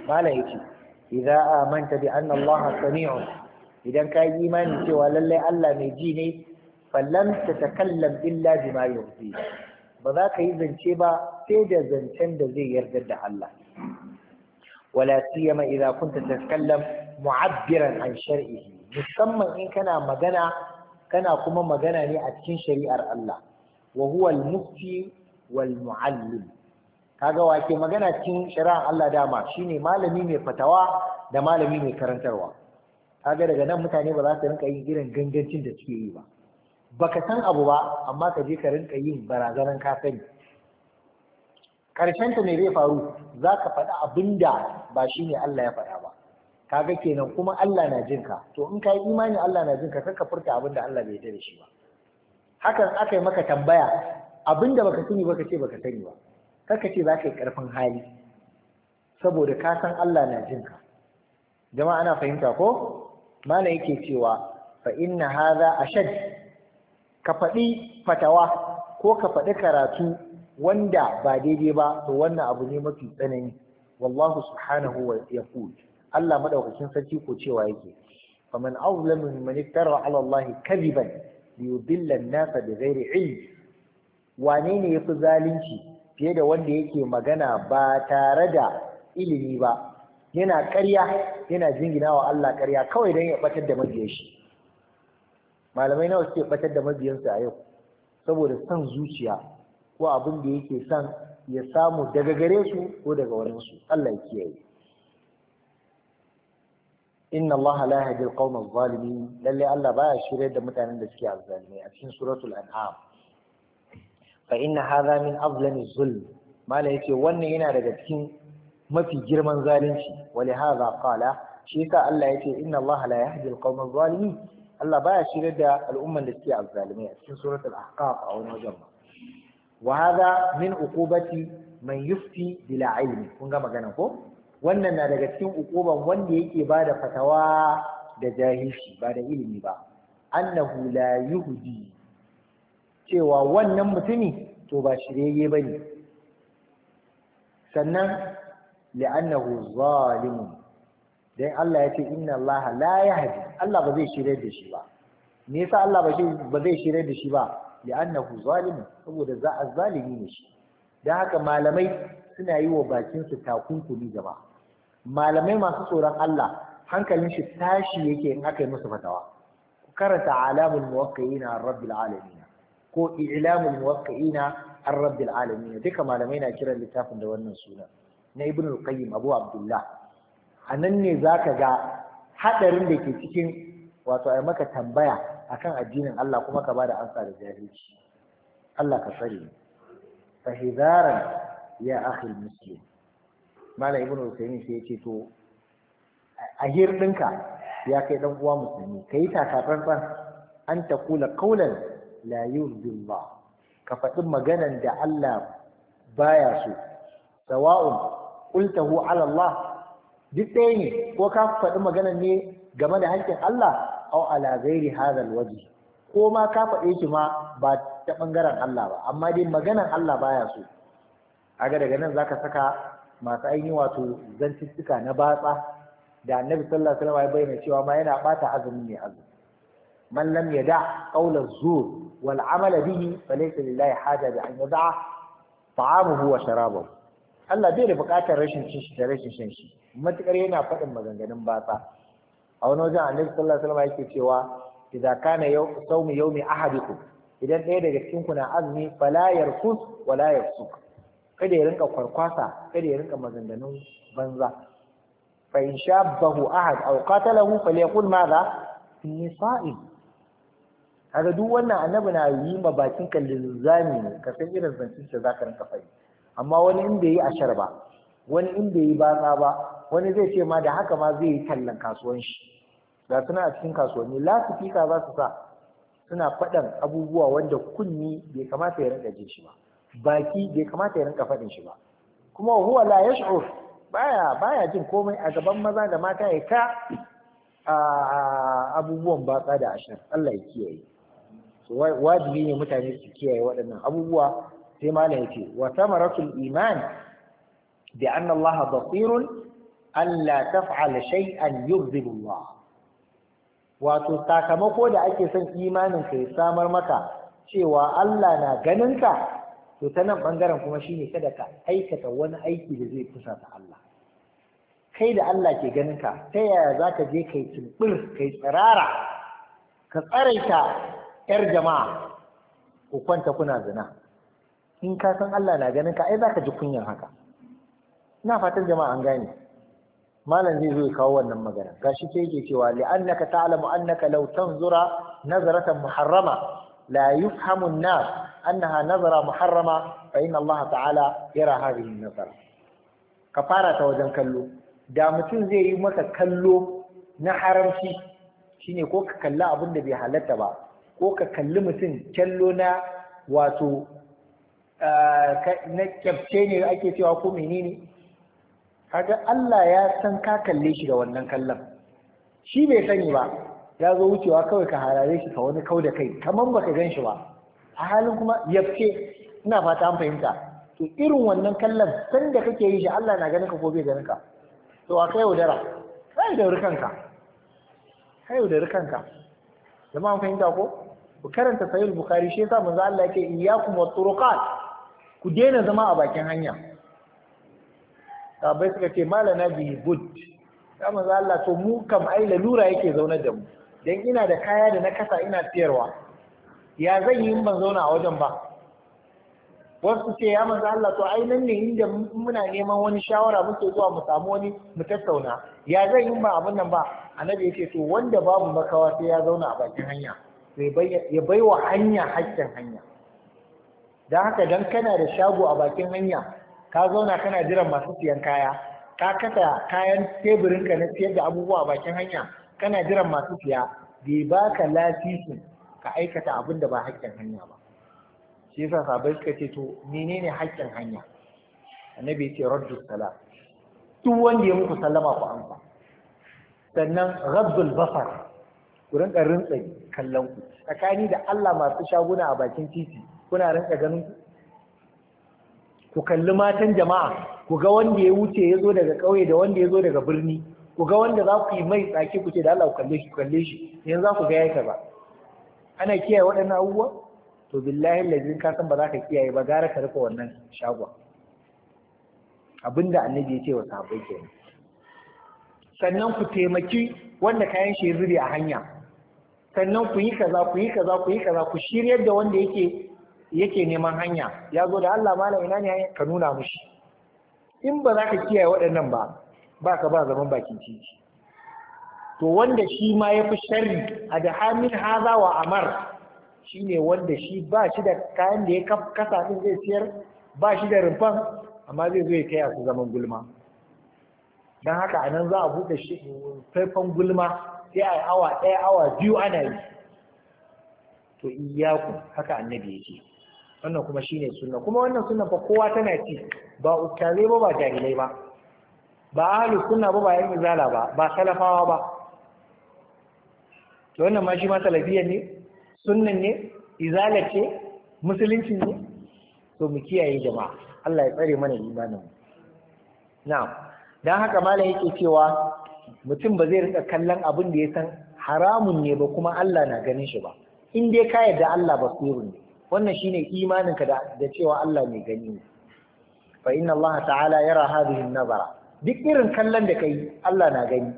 malam yace idza amanta bi anna Allah sami'un idan ka yi imani cewa lallai Allah mai ji ne fallam ta takallam illa bima ba za ka yi zance ba sai da zancen da zai yarda da Allah wala siyama idza kunta tatakallam mu'abbiran an shar'ihi musamman in kana magana kana kuma magana ne a cikin shari'ar Allah wa huwa al-mufti wal muallim kaga wake magana cikin shari'ar Allah dama shine malami mai fatawa da malami mai karantarwa kaga daga nan mutane ba za su rinka yin irin gangancin da suke yi ba baka san abu ba amma ka je ka rinka yin barazanan ka sani karshen ta me zai faru za ka faɗi abin da ba shi ne Allah ya faɗa ba kaga kenan kuma Allah na jin ka to in ka yi imani Allah na jin ka kar ka furta abin da Allah bai yarda da shi ba hakan aka yi maka tambaya abin da baka sani baka ce baka sani ba kar ka ce za ka yi karfin hali saboda ka san Allah na jin ka jama'a ana fahimta ko mana yake cewa fa inna hadha ashad ka faɗi fatawa ko ka faɗi karatu wanda ba daidai ba to wannan abu ne mafi tsanani wallahu subhanahu wa yaqul Allah madaukakin sarki ko cewa yake faman azlamu mimman iftara ala Allah kadiban liyudilla an-nas bighairi ilm wane ne yafi zalunci fiye da wanda yake magana ba tare da ilimi ba yana ƙarya yana jingina wa Allah ƙarya kawai don ya ɓatar da mabiyan shi malamai nawa suke ɓatar da su a yau saboda son zuciya ko abin da yake son ya samu daga gare su ko daga su Allah ya kiyaye inna Allah la yahdi al-qawm adh-dhalimin lalle Allah baya shirye da mutanen da suke azzalimi a cikin suratul an'am fa inna hadha min azlami zulm malai yake wannan yana daga cikin mafi girman zalunci wali hadha qala shi yasa Allah ce, inna Allah la yahdi al-qawma Allah baya shirar da al'umman da suke azzalimai a cikin suratul ahqaf a wani wajen wa hadha min uqubati man yufti bila ilmi kun ga magana ko wannan na daga cikin uquban wanda yake bada fatawa da jahilci ba da ilimi ba annahu la yuhdi cewa wannan mutumi to ba shirye bane sannan li'annahu zalimun dan Allah ya ce inna Allah la yahdi Allah ba zai shirye da shi ba me yasa Allah ba ba zai shirye da shi ba li'annahu zalimun saboda za a zalimi ne shi dan haka malamai suna yi wa bakin su takunkumi gaba malamai masu tsoron Allah hankalin shi tashi yake in aka yi musu fatawa ku karanta alamul muwaqqi'ina rabbil alamin ko i'lamul muwaqqi'ina ar rabbil alamin duka malamai na kiran littafin da wannan sunan na ibn qayyim abu abdullah a nan ne za ka ga haɗarin da ke cikin wato a maka tambaya akan addinin Allah kuma ka bada amsa da jahilci Allah ka tsare fa hidaran ya akhi muslim malam ibnu usaymin sai ce to a hirdinka ya kai dan uwa musulmi kai takatsantsan an ta kula qawlan la yurdi Allah ka faɗi maganan da Allah baya so sawa'un qultahu ala Allah duk ɗaya ne ko ka faɗi magana ne game da hakkin Allah aw ala ghairi hadha alwaji ko ma ka faɗe shi ma ba ta ɓangaren Allah ba amma dai maganan Allah baya so aga daga nan zaka saka masu ainihi wato zantuttuka na batsa da annabi sallallahu alaihi wasallam ya bayyana cewa ma yana bata azumin ne azumi man lam yada qawla zur wal amala bihi falaysa lillahi haja bi an yada ta'amuhu wa sharabahu Allah bai da buƙatar rashin cin shi da rashin shan shi matukar yana faɗin maganganun batsa a wani wajen annabi sallallahu alaihi wasallam yake cewa idza kana yau yawmi ahadikum idan ɗaya daga cikin ku na azumi fala yarfus wala su. kada ya rinka kwarkwasa kada ya rinka maganganun banza fa in shabbahu ahad aw qatalahu falyaqul madha inni sa'im kaga duk wannan annabi na yi ma bakin kallin linzami ne ka san irin zancin da zaka rinka fahimta. amma wani in bai yi ashar ba wani in bai yi batsa ba wani zai ce ma da haka ma zai yi tallan kasuwan shi ga suna a cikin kasuwanni lasifika za su sa suna faɗan abubuwa wanda kunni bai kamata ya rinka jin shi ba baki bai kamata ya rinka faɗin shi ba kuma huwa la yash'ur baya baya jin komai a gaban maza da mata ya ka abubuwan batsa da ashar Allah ya kiyaye wajibi ne mutane su kiyaye waɗannan abubuwa sai mala yake wata thamaratul iman bi anna Allah basirun alla taf'al shay'an yughdhibu Allah wato sakamako da ake son imanin ka ya samar maka cewa Allah na ganin ka to ta nan bangaren kuma shine kada ka aikata wani aiki da zai kusa ta Allah kai da Allah ke ganin ka ta yaya za ka je kai tumbur kai tsirara ka tsaraita yar jama'a ku kwanta kuna zina in ka san Allah na ganin ka ai zaka ji kunyan haka ina fatan jama'a an gane malam zai zo ya kawo wannan magana gashi sai yake cewa li'annaka ta'lamu annaka law tanzura nazratan muharrama la yufhamu an-nas annaha nazara muharrama fa inna Allah ta'ala yara hadhihi an ka fara ta wajen kallo da mutum zai yi maka kallo na haramci shine ko ka kalli abin da bai halatta ba ko ka kalli mutum kallo na wato Eh, na kyafce ne ake cewa ko menene kaga Allah ya san ka kalle shi da wannan kallon shi bai sani ba ya zo wucewa kawai ka harare shi ka wani kau da kai kamar baka gan shi ba a halin kuma yafce ina fata an fahimta to irin wannan kallon san da kake yi shi Allah na ganin ka ko bai ganin ka to a kai yaudara kai da kanka kai da kanka jama'an fahimta ko ku karanta sahih bukhari shi yasa manzo Allah yake iyyakum wa turuqat ku daina zama a bakin hanya sabai suka ce malana bi bud ya maza Allah to mu kam ai lalura yake zaunar da mu Don ina da kaya da na kasa ina siyarwa ya zan yi in ban zauna a wajen ba wasu ce ya maza Allah to ai nan ne inda muna neman wani shawara muke zuwa mu samu wani mu tattauna ya zan yi ba abin nan ba annabi ce to wanda babu makawa sai ya zauna a bakin hanya sai ya wa hanya hakkin hanya don haka don kana da shago a bakin hanya ka zauna kana jiran masu siyan kaya ka kasa kayan teburinka na siyar da abubuwa a bakin hanya kana jiran masu siya bai baka lasisin ka aikata abin da ba haƙƙin hanya ba shi yasa sabai suka ce to menene haƙƙin hanya annabi ce raddu salam duk wanda ya muku sallama ku amsa sannan rabbul basar ku rinka rintsa kallon ku tsakani da Allah masu shaguna a bakin titi kuna rinka ganin ku kalli matan jama'a ku ga wanda ya wuce ya zo daga ƙauye da wanda ya zo daga birni ku ga wanda za ku yi mai tsaki ku ce da Allah ku kalle shi kalle shi yanzu za ku ga ya kaza ana kiyaye waɗannan abubuwa to billahi lazin ka san ba za ka kiyaye ba gara ka rufe wannan shagwa abinda annabi ya ce wa sahabbai kenan sannan ku taimaki wanda kayan shi ya zube a hanya sannan ku yi kaza ku yi kaza ku yi kaza ku shiryar da wanda yake yake neman hanya ya zo da Allah malam ina ne ka nuna mushi in ba za ka kiyaye waɗannan ba ba ka ba zaman bakin titi to wanda shi ma ya fi sharri a da hamin haza wa amar shine wanda shi ba shi da kayan da ya kasa din zai siyar ba shi da rumfan amma zai zo ya kai su zaman gulma don haka a nan za a buɗe shi faifan gulma sai a yi awa ɗaya awa biyu ana yi to iyaku haka annabi yake wannan kuma shine sunna kuma wannan sunna fa kowa tana ci ba ustazai ba ba jahilai ba ba ahli sunna ba ba yan zala ba ba salafawa ba to wannan ma shi ma salafiyya ne sunnan ne izala ce musulunci ne to mu kiyaye jama'a Allah ya tsare mana imanin na'am dan haka malam yake cewa mutum ba zai rika kallon abin da ya san haramun ne ba kuma Allah na ganin shi ba in dai ka yarda Allah basirun ne wannan shine imaninka da da cewa Allah mai gani ne fa inna Allah ta'ala yara hadhihi an-nazara duk irin kallon da kai Allah na gani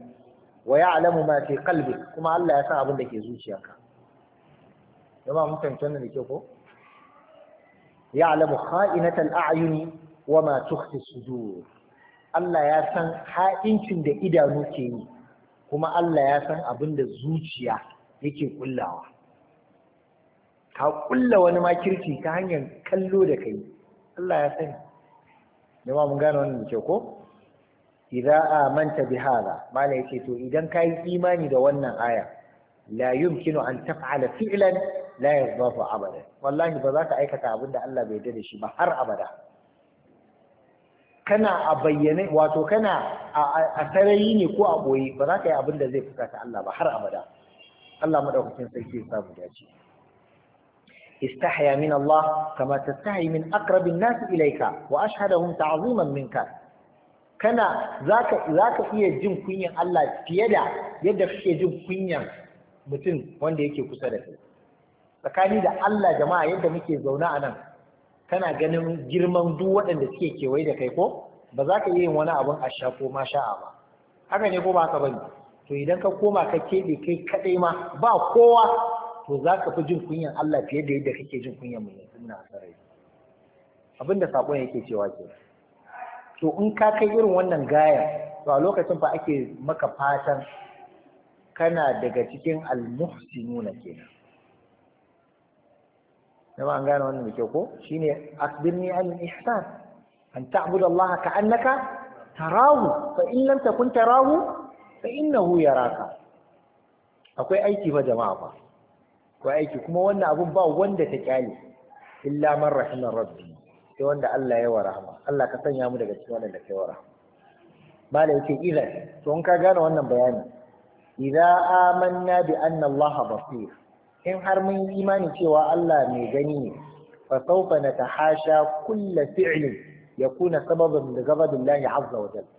wa ya'lamu ma fi qalbi kuma Allah ya san abin da ke zuciyarka jama'a mun fahimci da ke ko ya'lamu kha'inatal a'yuni wa ma tukhfi sudur Allah ya san ha'incin da idanu ke yi kuma Allah ya san abin da zuciya yake kullawa ka kulla wani makirci ta hanyar kallo da kai Allah ya sani jama'a mun gane wannan ke ko idza amanta bi mala yace to idan kayi imani da wannan aya la yumkinu an taf'ala fi'lan la yadhafu abada wallahi ba za ka aikata abin da Allah bai yarda shi ba har abada kana a bayyane wato kana a sarayi ne ko a boye ba za ka yi abin da zai ta Allah ba har abada Allah madaukakin sarki ya samu dace استحيا min الله كما تستحي من أقرب الناس إليك وأشهدهم تعظيما منك kana zaka zaka iya jin kunyan Allah fiye da yadda kake jin kunyan mutum wanda yake kusa da kai tsakani da Allah jama'a yadda muke zauna a nan kana ganin girman duk waɗanda suke kewaye da kai ko ba za ka iya yin wani abun asha ko masha'a ba haka ne ko ba ka bane to idan ka koma ka keɓe kai kaɗai ma ba kowa to za ka fi jin kunyan Allah fiye da yadda kake jin kunyan mai muna sarai abin da sakon yake cewa ke to in ka kai irin wannan gaya to a lokacin fa ake maka fatan kana daga cikin almuhsinuna kenan ba an gane wannan da kyau ko shine akbirni an ihsan an ta'budu Allah ka annaka tarahu fa in lam takun tarahu fa innahu yaraka akwai aiki fa jama'a ba. ko aiki kuma wannan abun ba wanda ta kyale illa man rahima rabbi sai wanda Allah ya warahama Allah ka sanya mu daga cikin wanda kai warahama Bala yake idan to in ka gane wannan bayani idza amanna bi anna Allah basir in har mun yi imani cewa Allah mai gani ne fa sawfa natahasha kullu fi'lin yakuna sababan li ghadabillahi azza wa jalla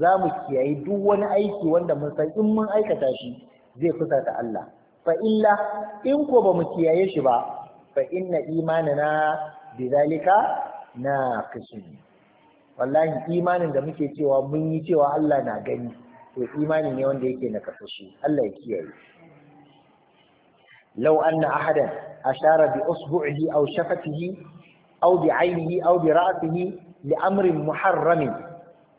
za mu kiyayi duk wani aiki wanda mun san in mun aikata shi zai fusata Allah Fa'illa in ko ba mu kiyaye shi ba fa na imanana na naqisun wallahi imanin da muke cewa mun yi cewa Allah na gani to imani ne wanda yake na kafashi Allah ya kiyaye law anna ahadan ashara bi usbu'ihi aw shafatihi aw bi 'ainihi aw bi ra'sihi li amrin muharramin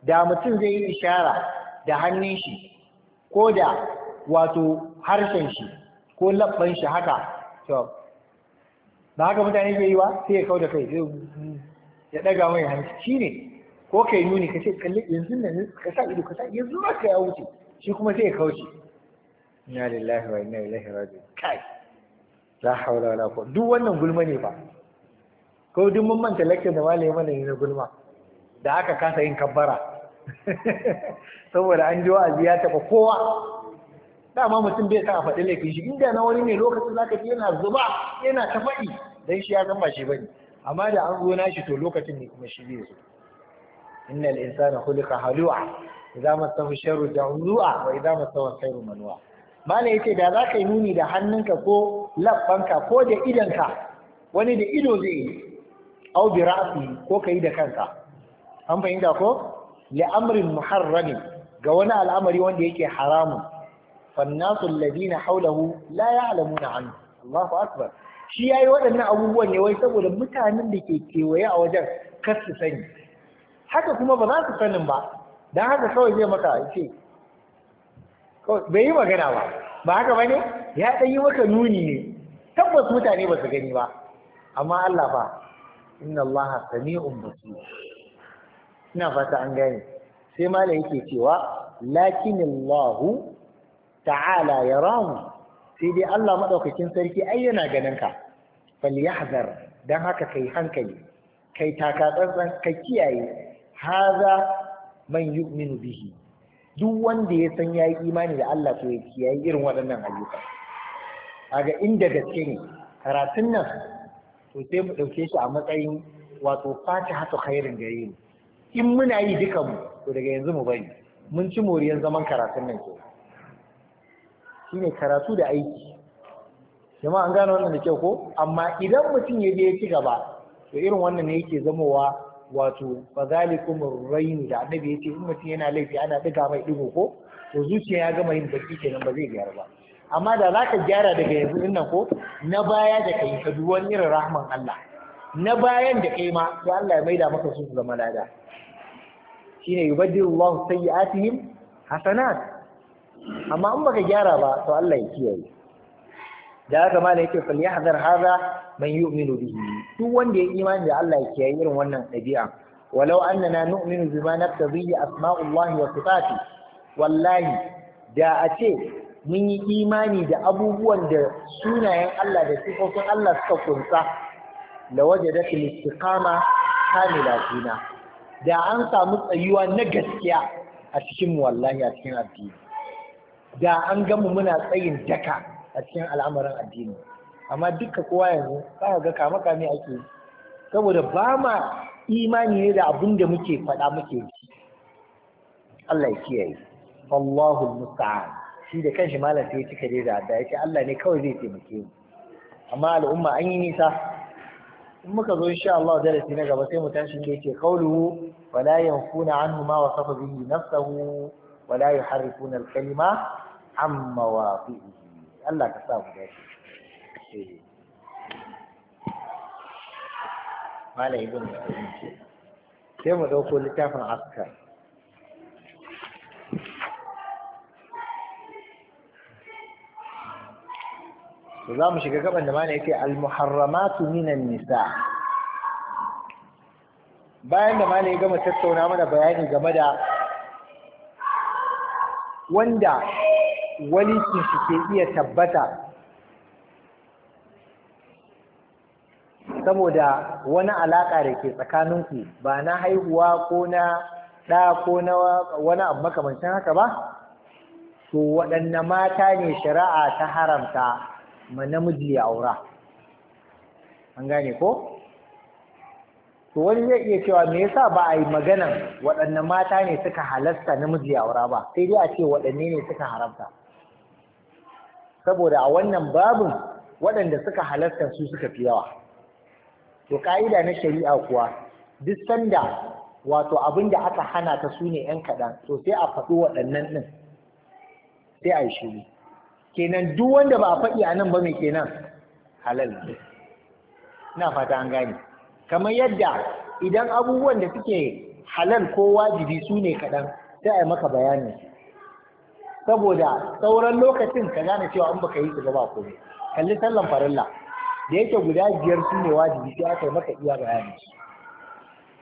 da mutum zai yi ishara da hannun shi ko da wato harshen shi ko labban shi haka to ba haka mutane ke yi wa sai ya kau da kai ya daga mai hanci ne? ko kai nuni ka ce kalli yanzu nan ka sa ido ka sa yanzu ba ka ya wuce shi kuma sai ya kauce inna lillahi wa inna ilaihi raji kai la hawla wala quwwata duk wannan gulma ne fa ko duk mun manta lakcin da malai mana ne na gulma da aka kasa yin kabbara [LAUGHS] saboda an ji wa'azi ya kowa dama mutum bai sa a faɗi laifin shi inda na wani ne lokacin zaka ji yana zuba yana ta faɗi dan shi ya san ba shi ne amma da an zo nashi to lokacin ne kuma shi zai zo innal insana khuliqa halu'a idza massahu sharru da'u'a wa idza massahu khairu manwa mala yake da za ka yi nuni da hannunka ko labbanka ko da idanka wani da ido zai yi au bi ra'si ko kai da kanka an fahimta ko li amrin muharrami ga wani al'amari wanda yake haramun fannasu alladhina hawlahu la ya'lamuna anhu Allahu akbar shi yayi waɗannan abubuwan ne wai saboda mutanen da ke kewaye a wajen kar su sani haka kuma ba za su sanin ba dan haka kawai zai maka yace bai yi magana ba ba haka ba ne ya ɗan yi maka nuni ne tabbas mutane ba su gani ba amma Allah ba inna Allah sami'un basir ina fata an gane sai malam yake cewa lakin ta'ala ya ramu, sai dai Allah madaukakin sarki ai yana ganin ka falyahzar dan haka kai hankali kai taka tsantsan ka kiyaye haza man yu'minu bihi duk wanda ya san yayi imani da Allah to ya kiyaye irin waɗannan ayyuka kaga inda gaske ne karatun nan to sai mu ɗauke shi a matsayin wato fatihatu khairin gare mu in muna yi duka mu to daga yanzu mu bari mun ci moriyar zaman karatun nan kenan shine karatu da aiki Jam'a an gane wannan da kyau ko amma idan mutum ya je ya ci gaba to irin wannan ne yake zamowa wato fa zalikum ne da annabi yace in mutum yana laifi ana diga mai digo ko to zuciya ya gama yin baki kenan ba zai gyara ba amma da zaka gyara daga yanzu din nan ko na baya da kai ka duwan irin rahman Allah na bayan da kai ma to Allah ya maida maka su zama lada shine yubaddilu Allahu sayyi'atihim hasanat amma in baka gyara ba to Allah ya kiyaye da haka ma yake fal yahzar hadha man yu'minu bihi duk wanda ya imani da Allah ya kiyaye irin wannan dabi'a walau annana nu'minu bima naqtadi asma'ullahi wa sifati wallahi da a ce mun yi imani da abubuwan da sunayen Allah da sifofin Allah suka kunsa la wajadat al-istiqama kamila fina da an samu tsayuwa na gaskiya a cikin wallahi a cikin addini da an gama muna tsayin daka a cikin al'amarin addini amma duka kowa yanzu ba ga kama kame ake saboda ba ma imani ne da abin da muke faɗa muke ji Allah ya kiyaye Allahu musta'an shi da kanshi malam sai ya cika dai da adda yace Allah ne kawai zai taimake mu amma al'umma an yi nisa in muka zo insha Allah darasi na gaba sai mu tashi da yake qawluhu wala yanfuna anhu ma wasafa bihi nafsuhu wala yuharrifuna al-kalima amma wa Allah ka sa mu dace eh. mala ibn Qayyim ce sai mu ɗauko littafin askar to za mu shiga gaban da mala yake al-muharramatu minan nisa bayan da mala ya gama tattauna mana bayani game da wanda Wani shi iya tabbata saboda wani alaƙa da ke tsakaninku ba na haihuwa ko na ɗa ko na wani abu makamancin haka ba to waɗanne mata ne shari'a ta haramta ma namiji ya aura an gane ko to wani zai iya cewa me yasa ba a yi maganan waɗanne mata ne suka halasta namiji ya aura ba sai dai a ce waɗanne ne suka haramta saboda a wannan babin waɗanda suka halarta su suka fi yawa to ka'ida na shari'a kuwa duk sanda wato abin da aka hana ta su ne ‘yan kaɗan to sai a faɗi waɗannan ɗin sai a yi shiru kenan duk wanda ba a faɗi a nan ba mai kenan halal ne Ina fata an gane kamar yadda idan abubuwan da suke halal ko wajibi su ne kaɗan sai a yi maka bayanin su saboda sauran lokacin ka gane cewa an baka yi su gaba ko komai kalli sallan farilla da yake guda biyar su ne wajibi sai aka yi maka iya bayani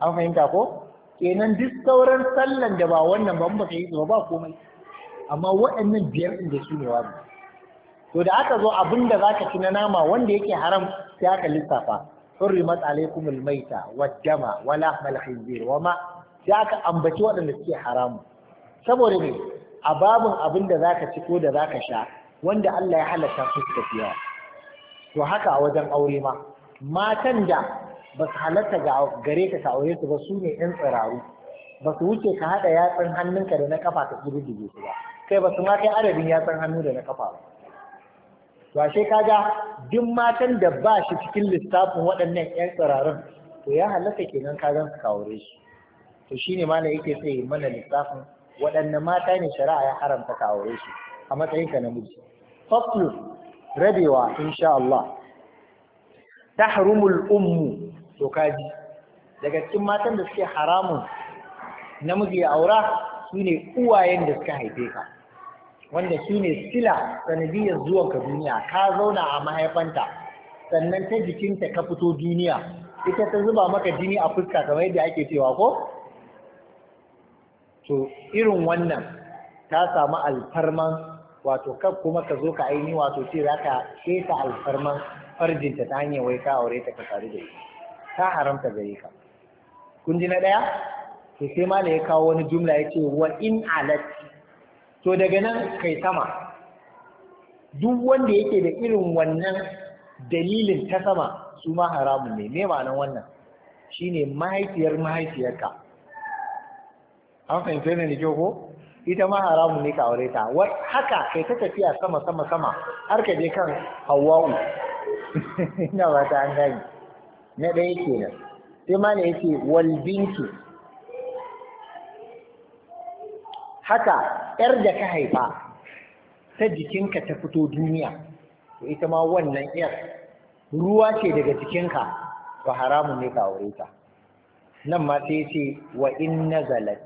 an fahimta ko kenan duk sauran sallan da ba wannan ba an baka yi su ba komai amma waɗannan biyar din da su ne wajibi to da aka zo abin da zaka ci na nama wanda yake haram sai aka lissafa hurrimat alaikumul maita wajjama wala wa lahmal wama sai aka ambaci waɗanda suke haramu saboda ne a babin abin da zaka ci ko da zaka sha wanda Allah ya halatta su tafiya to haka a wajen aure ma matan da ba su halatta gare ka ka aure su ba su ne yan tsiraru ba su wuce ka haɗa yatsan hannunka da na kafa ka tsibirgije su ba kai ba su ma kai adadin yatsan hannu da na kafa ba to ashe kaga duk matan da ba shi cikin lissafin waɗannan yan tsirarun to ya halatta kenan ka zan ka aure su to shine ma yake sai mana lissafin waɗanne mata ne shari'a ya haramta ka aure su a matsayinka na miji? faslu rabewa insha Allah tahrumul ummu to daga cikin matan da suke haramun namiji ya aura su ne uwayen da suka haife ka wanda su ne sila sanadiyar zuwan ka duniya ka zauna a mahaifanta sannan ta jikinta ka fito duniya ita ta zuba maka jini a fuska kamar yadda ake cewa ko to irin wannan ta samu alfarman wato kan kuma ka zo ka aini wato ce za ka keta alfarman farjinta ta hanyar wai ka aure ta ka sadu da ita ta haramta gare ka kun ji na ɗaya to sai ma ya kawo wani jumla ya ce wa in alat to daga nan kai sama duk wanda yake da irin wannan dalilin ta sama su ma haramun ne me ma'anar wannan shine mahaifiyar mahaifiyarka an fahimce ne da ko ita ma haramun ne ka aure ta haka kai ta tafiya sama sama sama har ka je kan hawa'u [LAUGHS] ina ba ta an gani na ɗaya kenan sai ma ne yake walbinki haka yar da ka haifa ta jikinka ta fito duniya to ita ma wannan yar ruwa ce daga jikinka ba haramun ne ka aure ta nan ma sai ce wa in nazalat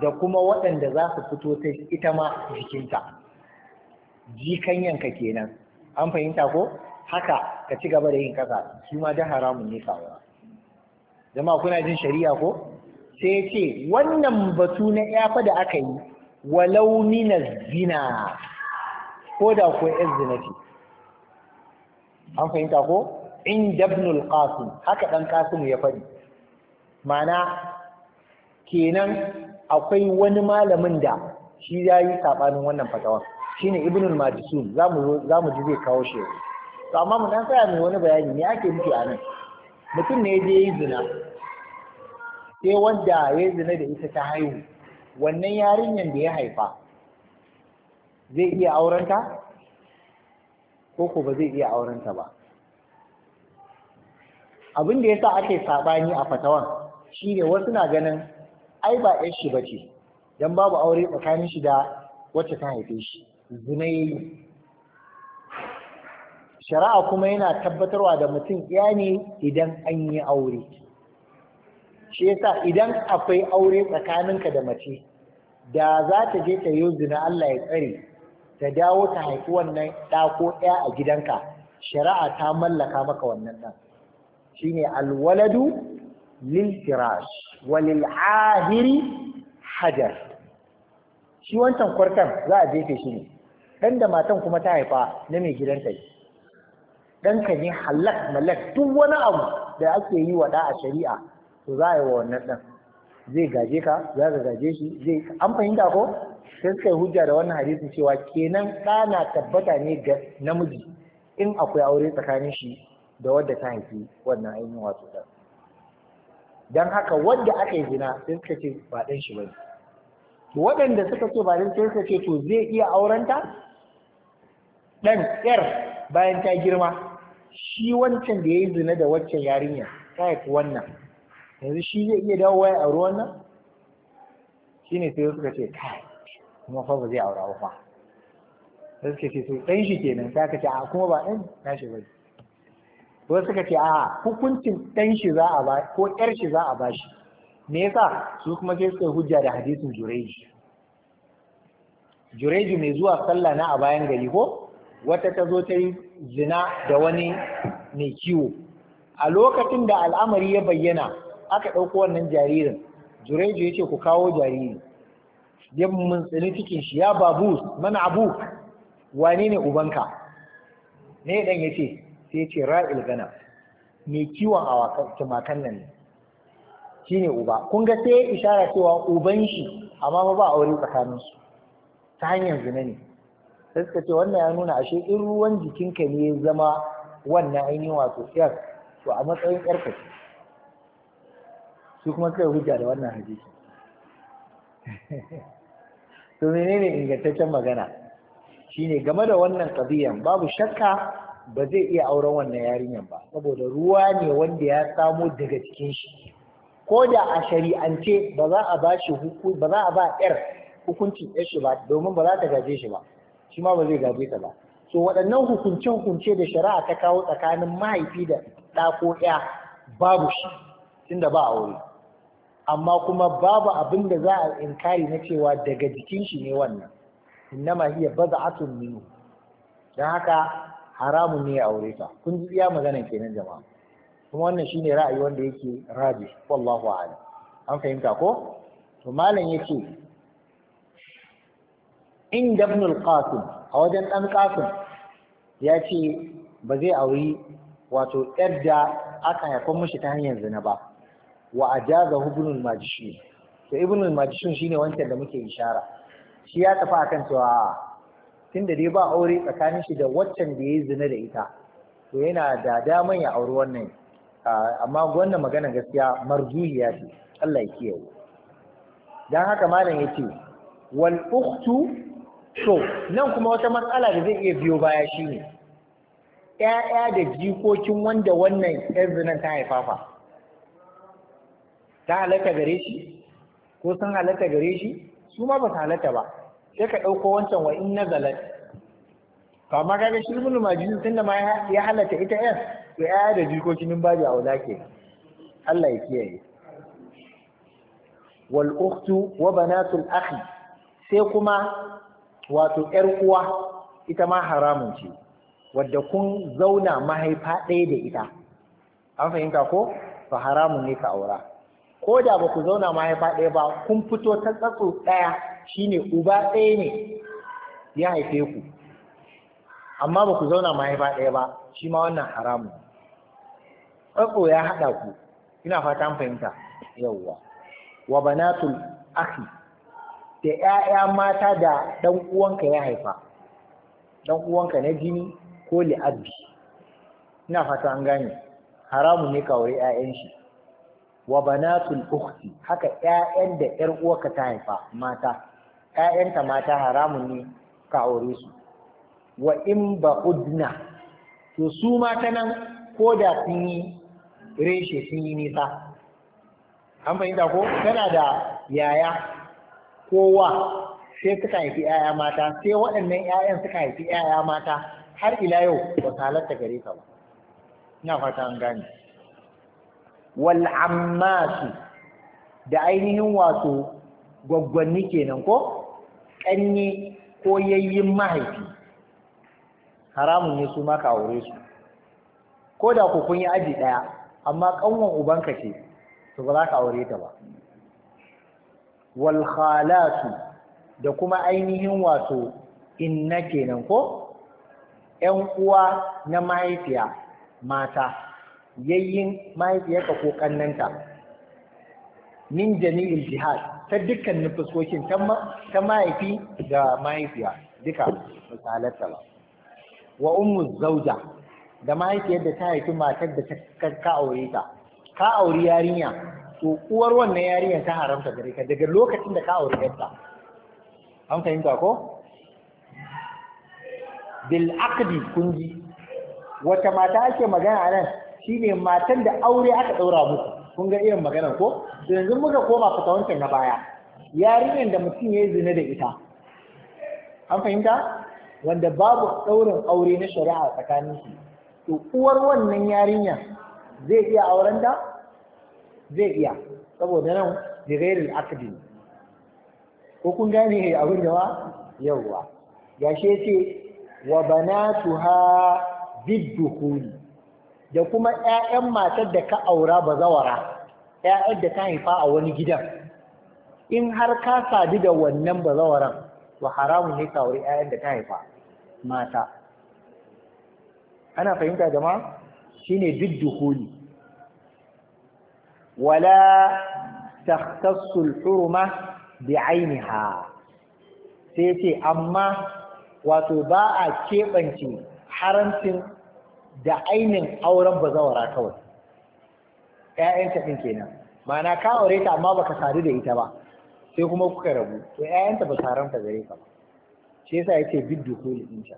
da kuma waɗanda za su fito ta ita ma jikinta jikanyanka kenan an fahimta ko haka ka ci gaba da yin kasa shi ma da haramun ne kawo zama kuna jin shari'a ko sai ce wannan batu na yafa da aka yi walau mina zina ko da ko yan zina ce an fahimta ko in dabnul qasim haka ɗan qasim ya faɗi ma'ana kenan akwai wani malamin da shi ya yi saɓanin wannan fatawan ne ibnul madisun za mu ji zai kawo shi to amma mu dan tsaya mai wani bayani me ake nufi a nan mutum ne je yi zina sai wanda ya yi zina da ita ta haihu wannan yarinyar da ya haifa zai iya aurenta ko ko ba zai iya aurenta ba abin da yasa ake saɓani a fatawan shine wasu na ganin ai ba ɗan shi ce, don babu aure tsakanin shi da wacce ta haife shi zina yayi shari'a kuma yana tabbatarwa da mutum ya ne idan an yi aure shi yasa idan akwai aure tsakaninka da mace da za ta je ta yi zina Allah ya tsare ta dawo ta haifi wannan ɗa ko ɗaya a gidanka shari'a ta mallaka maka wannan ɗan shine alwaladu lil firash walil hajar shi wancan kwartan za a jefe shi ne dan da matan kuma ta haifa na mai gidanta yi, dan ka ne halak malak duk wani abu da ake yi wa da a shari'a to za a yi wa wannan ɗan. zai gaje ka za ka gaje shi zai an fahimta ko sai suka yi hujja da wannan hadisi cewa kenan ɗana tabbata ne ga namiji in akwai aure tsakanin shi da wadda ta haifi wannan ainihin wato ɗan dan haka wanda aka yi zina sai suka ce ba dan shi bane to waɗanda suka ce ba dan sai suka ce to zai iya aurenta dan yar bayan ta girma shi wancan da yayi zina da waccan yarinya kai wannan yanzu shi zai iya dawo waya a ruwan nan shine sai suka ce kai kuma fa ba zai aura ba sai suka ce to dan shi kenan sai aka ce a kuma ba dan tashi bane wasu suka ce a hukuncin ɗan shi za a ba ko yar shi za a ba shi me yasa su kuma sai suka hujja da hadisin jureji jureji mai zuwa sallah na a bayan gari ko wata ta zo ta yi zina da wani mai kiwo a lokacin da al'amari ya bayyana aka ɗauko wannan jaririn jureji ya ce ku kawo jariri ya muntsini cikin shi ya babu mana abu wane ne ubanka ne dan ya ce sai ce ra'il gana mai kiwon tumakan nan ne uba kun ga sai ishara cewa uban shi amma ba aure tsakanin su ta hanyar zina ne sai suka ce wannan ya nuna ashe in ruwan jikinka ne ya zama wannan ainihin wato yar to a matsayin yarka ce su kuma kai hujja da wannan hadisi [LAUGHS] to menene ingantaccen magana shine game da wannan qadiyan babu shakka ba zai iya auren wannan yarinyar ba saboda ruwa ne wanda ya samo daga cikin shi ko da a shari'ance ba za a ba shi ba za a ba yar hukuncin yar shi ba domin ba za ta gaje shi ba shi ma ba zai gaje ta ba so waɗannan hukuncin hukunce da shari'a ta kawo tsakanin mahaifi da ɗa ko ya babu shi tunda ba aure amma kuma babu abin da za a inkari na cewa daga jikin shi ne wannan innama hiya baza'atun minhu dan haka haramun ne ya aure ta kun ji iya maganan kenan jama'a kuma wannan shine ra'ayi wanda yake rabi wallahu a'lam an fahimta ko to malam yace inda ibn al-qasim a wajen dan qasim ya ce ba zai auri wato yadda aka haifa mishi ta hanyar zina ba wa ajaza ibn al-majishun to ibn al shine wancan da muke ishara shi ya tafi akan cewa Tun da dai ba aure tsakanin shi da waccan da ya yi zina da ita to yana da daman ya auri wannan amma wannan magana gaskiya marjuhiya ce Allah ya kiyaye dan haka malam yace wal ukhtu to nan kuma wata matsala da zai iya biyo baya shine ƴaƴa da jikokin wanda wannan ƴar zinan ta haifa fa ta halatta gare shi ko sun halatta gare shi su ma ba su halatta ba sai ka ɗauko wancan wa in nazalat to amma kaga shi ibn majid tunda ma ya halatta ita ya to ya da jikoki min baji a wala ke Allah ya kiyaye wal ukhtu wa banatul akhi sai kuma wato yar uwa ita ma haramun ce wadda kun zauna mahaifa ɗaya da ita an fahimta ko fa haramun ne ka aura ko da ba ku zauna mahaifa ɗaya ba kun fito ta tsatso ɗaya shine uba ɗaya ne ya haife ku amma ba ku zauna mahaifa ɗaya ba shi ma wannan haramun tsatso ya haɗa ku ina fata an fahimta yawwa wa banatul akhi da ƴaƴa mata da ɗan uwanka ya haifa ɗan uwanka na jini ko li'abbi ina fata an gane haramun ne kawai ƴaƴan shi wa banatul ukhti haka ƴaƴan da ƴar uwarka ta haifa mata ƴaƴanta mata haramun ne ka aure su wa in udna to su mata nan ko da sun yi reshe sun yi nisa an fahimta ko tana da yaya kowa sai suka haifi ƴaƴa mata sai waɗannan ƴaƴan suka haifi ƴaƴa mata har ila yau ba halatta gare ka ba ina fata an gane wal ammasu da ainihin wato gwaggwanni kenan ko Ƙanye ko yayyin mahaifi haramun ne su maka aure su ko da ku kun yi aji ɗaya amma uban ubanka ce to ba za ka aure ta ba wal khalatu da kuma ainihin wato inna kenan ko ƴan uwa na mahaifiya mata yayyin mahaifiyarka ko kannanta min jami'il jihad ta dukkan nufuskokin ta mahaifi da mahaifiya duka misalarta ba wa ummu zauja da mahaifiyar da ta haifi matar da ta ka aure ta ka aure yarinya to uwar wannan yarinyar ta haramta gare ka daga lokacin da ka aure yarta an fahimta ko bil aqdi kunji wata mata ake magana nan Shi ne matan da aure aka ɗaura musu kun ga irin magana ko yanzu muka koma fata na baya yarinyar da mutum ya yi zina da ita an fahimta wanda babu ɗaurin aure na shari'a tsakanin su to uwar wannan yarinya zai iya auren da zai iya saboda nan da gairin akadin ko kun gane abin da ma yawwa ya ce wa banatuha bidduhuli da kuma ‘ya'yan matar da ka aura ba zawara, ‘ya'yan da ta haifa a wani gidan, in har ka sadu da wannan ba zawaran, wa haramun ne ka aure ‘ya'yan da ta haifa mata. Ana fahimta jama'a? Shi ne duk duhuli. Wala takhtassul hurma bi ainiha. Sai ce, amma wato ba a keɓance haramcin da ainin auren bazawara kawai ƴaƴanta din kenan ma'ana ka aure ta amma baka sadu da ita ba sai kuma kuka rabu to ƴaƴanta ba haramta gare ka ba shi yasa yace biddu kulli inta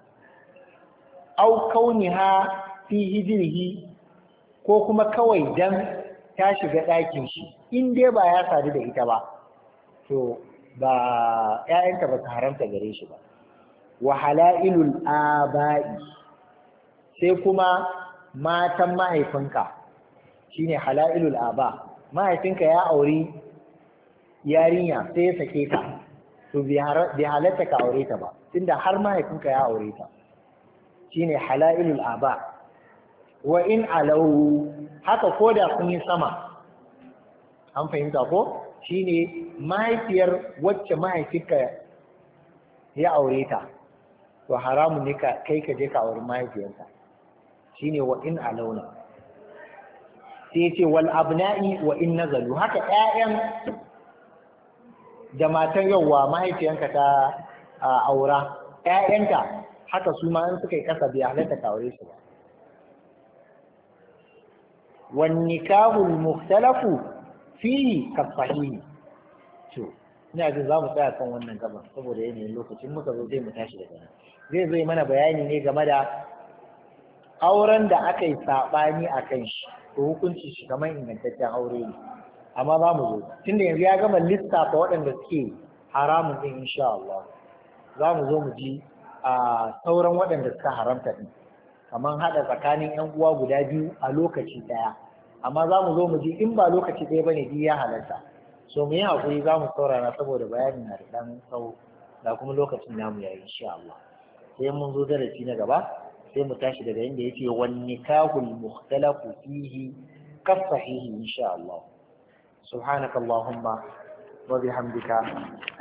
au ha fi hijrihi ko kuma kawai dan ta shiga ɗakin shi in dai ba ya sadu da ita ba to ba ƴaƴanta ba haramta gare shi ba Wahala halailul aba'i sai kuma matan mahaifinka shine halailul aba mahaifinka ya auri yarinya sai ya sake ta to bai halatta ka aure ta ba tunda har mahaifinka ya aure ta shine halailul aba wa in alawu haka ko da kun yi sama an fahimta ko shine mahaifiyar wacce mahaifinka ya aure ta to haramun ne ka kai ka je ka auri mahaifiyarta shine wa in alauna sai ce wal abna'i wa in nazalu haka ƴaƴan da matan yawwa mahaifiyanka ta aura ƴaƴanka haka su ma in suka yi kasa biya halatta ka aure su ba wan nikahul mukhtalafu fihi kafahihi to ina jin za mu tsaya kan wannan gaban saboda yanayin lokacin muka zo zai mu tashi daga nan zai zai mana bayani ne game da auren da aka yi saɓani a kan shi to hukunci shi kamar ingantaccen aure ne amma za mu zo tunda yanzu ya gama lissafa waɗanda suke haramun ɗin insha Allah za mu zo mu ji a sauran waɗanda suka haramta ɗin kamar haɗa tsakanin yan uwa guda biyu a lokaci ɗaya amma za mu zo mu ji in ba lokaci ɗaya ba ne biyu ya halarta so mu yi haƙuri za mu saurara saboda bayani na da ɗan tsawo da kuma lokacin namu ya yi, insha Allah sai mun zo darasi na gaba sai mu tashi daga inda yake wani nikahul mukhtalafu fihi kaf sahihi insha Allah subhanaka allahumma wa bihamdika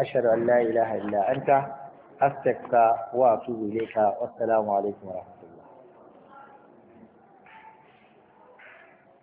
ashhadu an la ilaha illa anta astaghfiruka wa atubu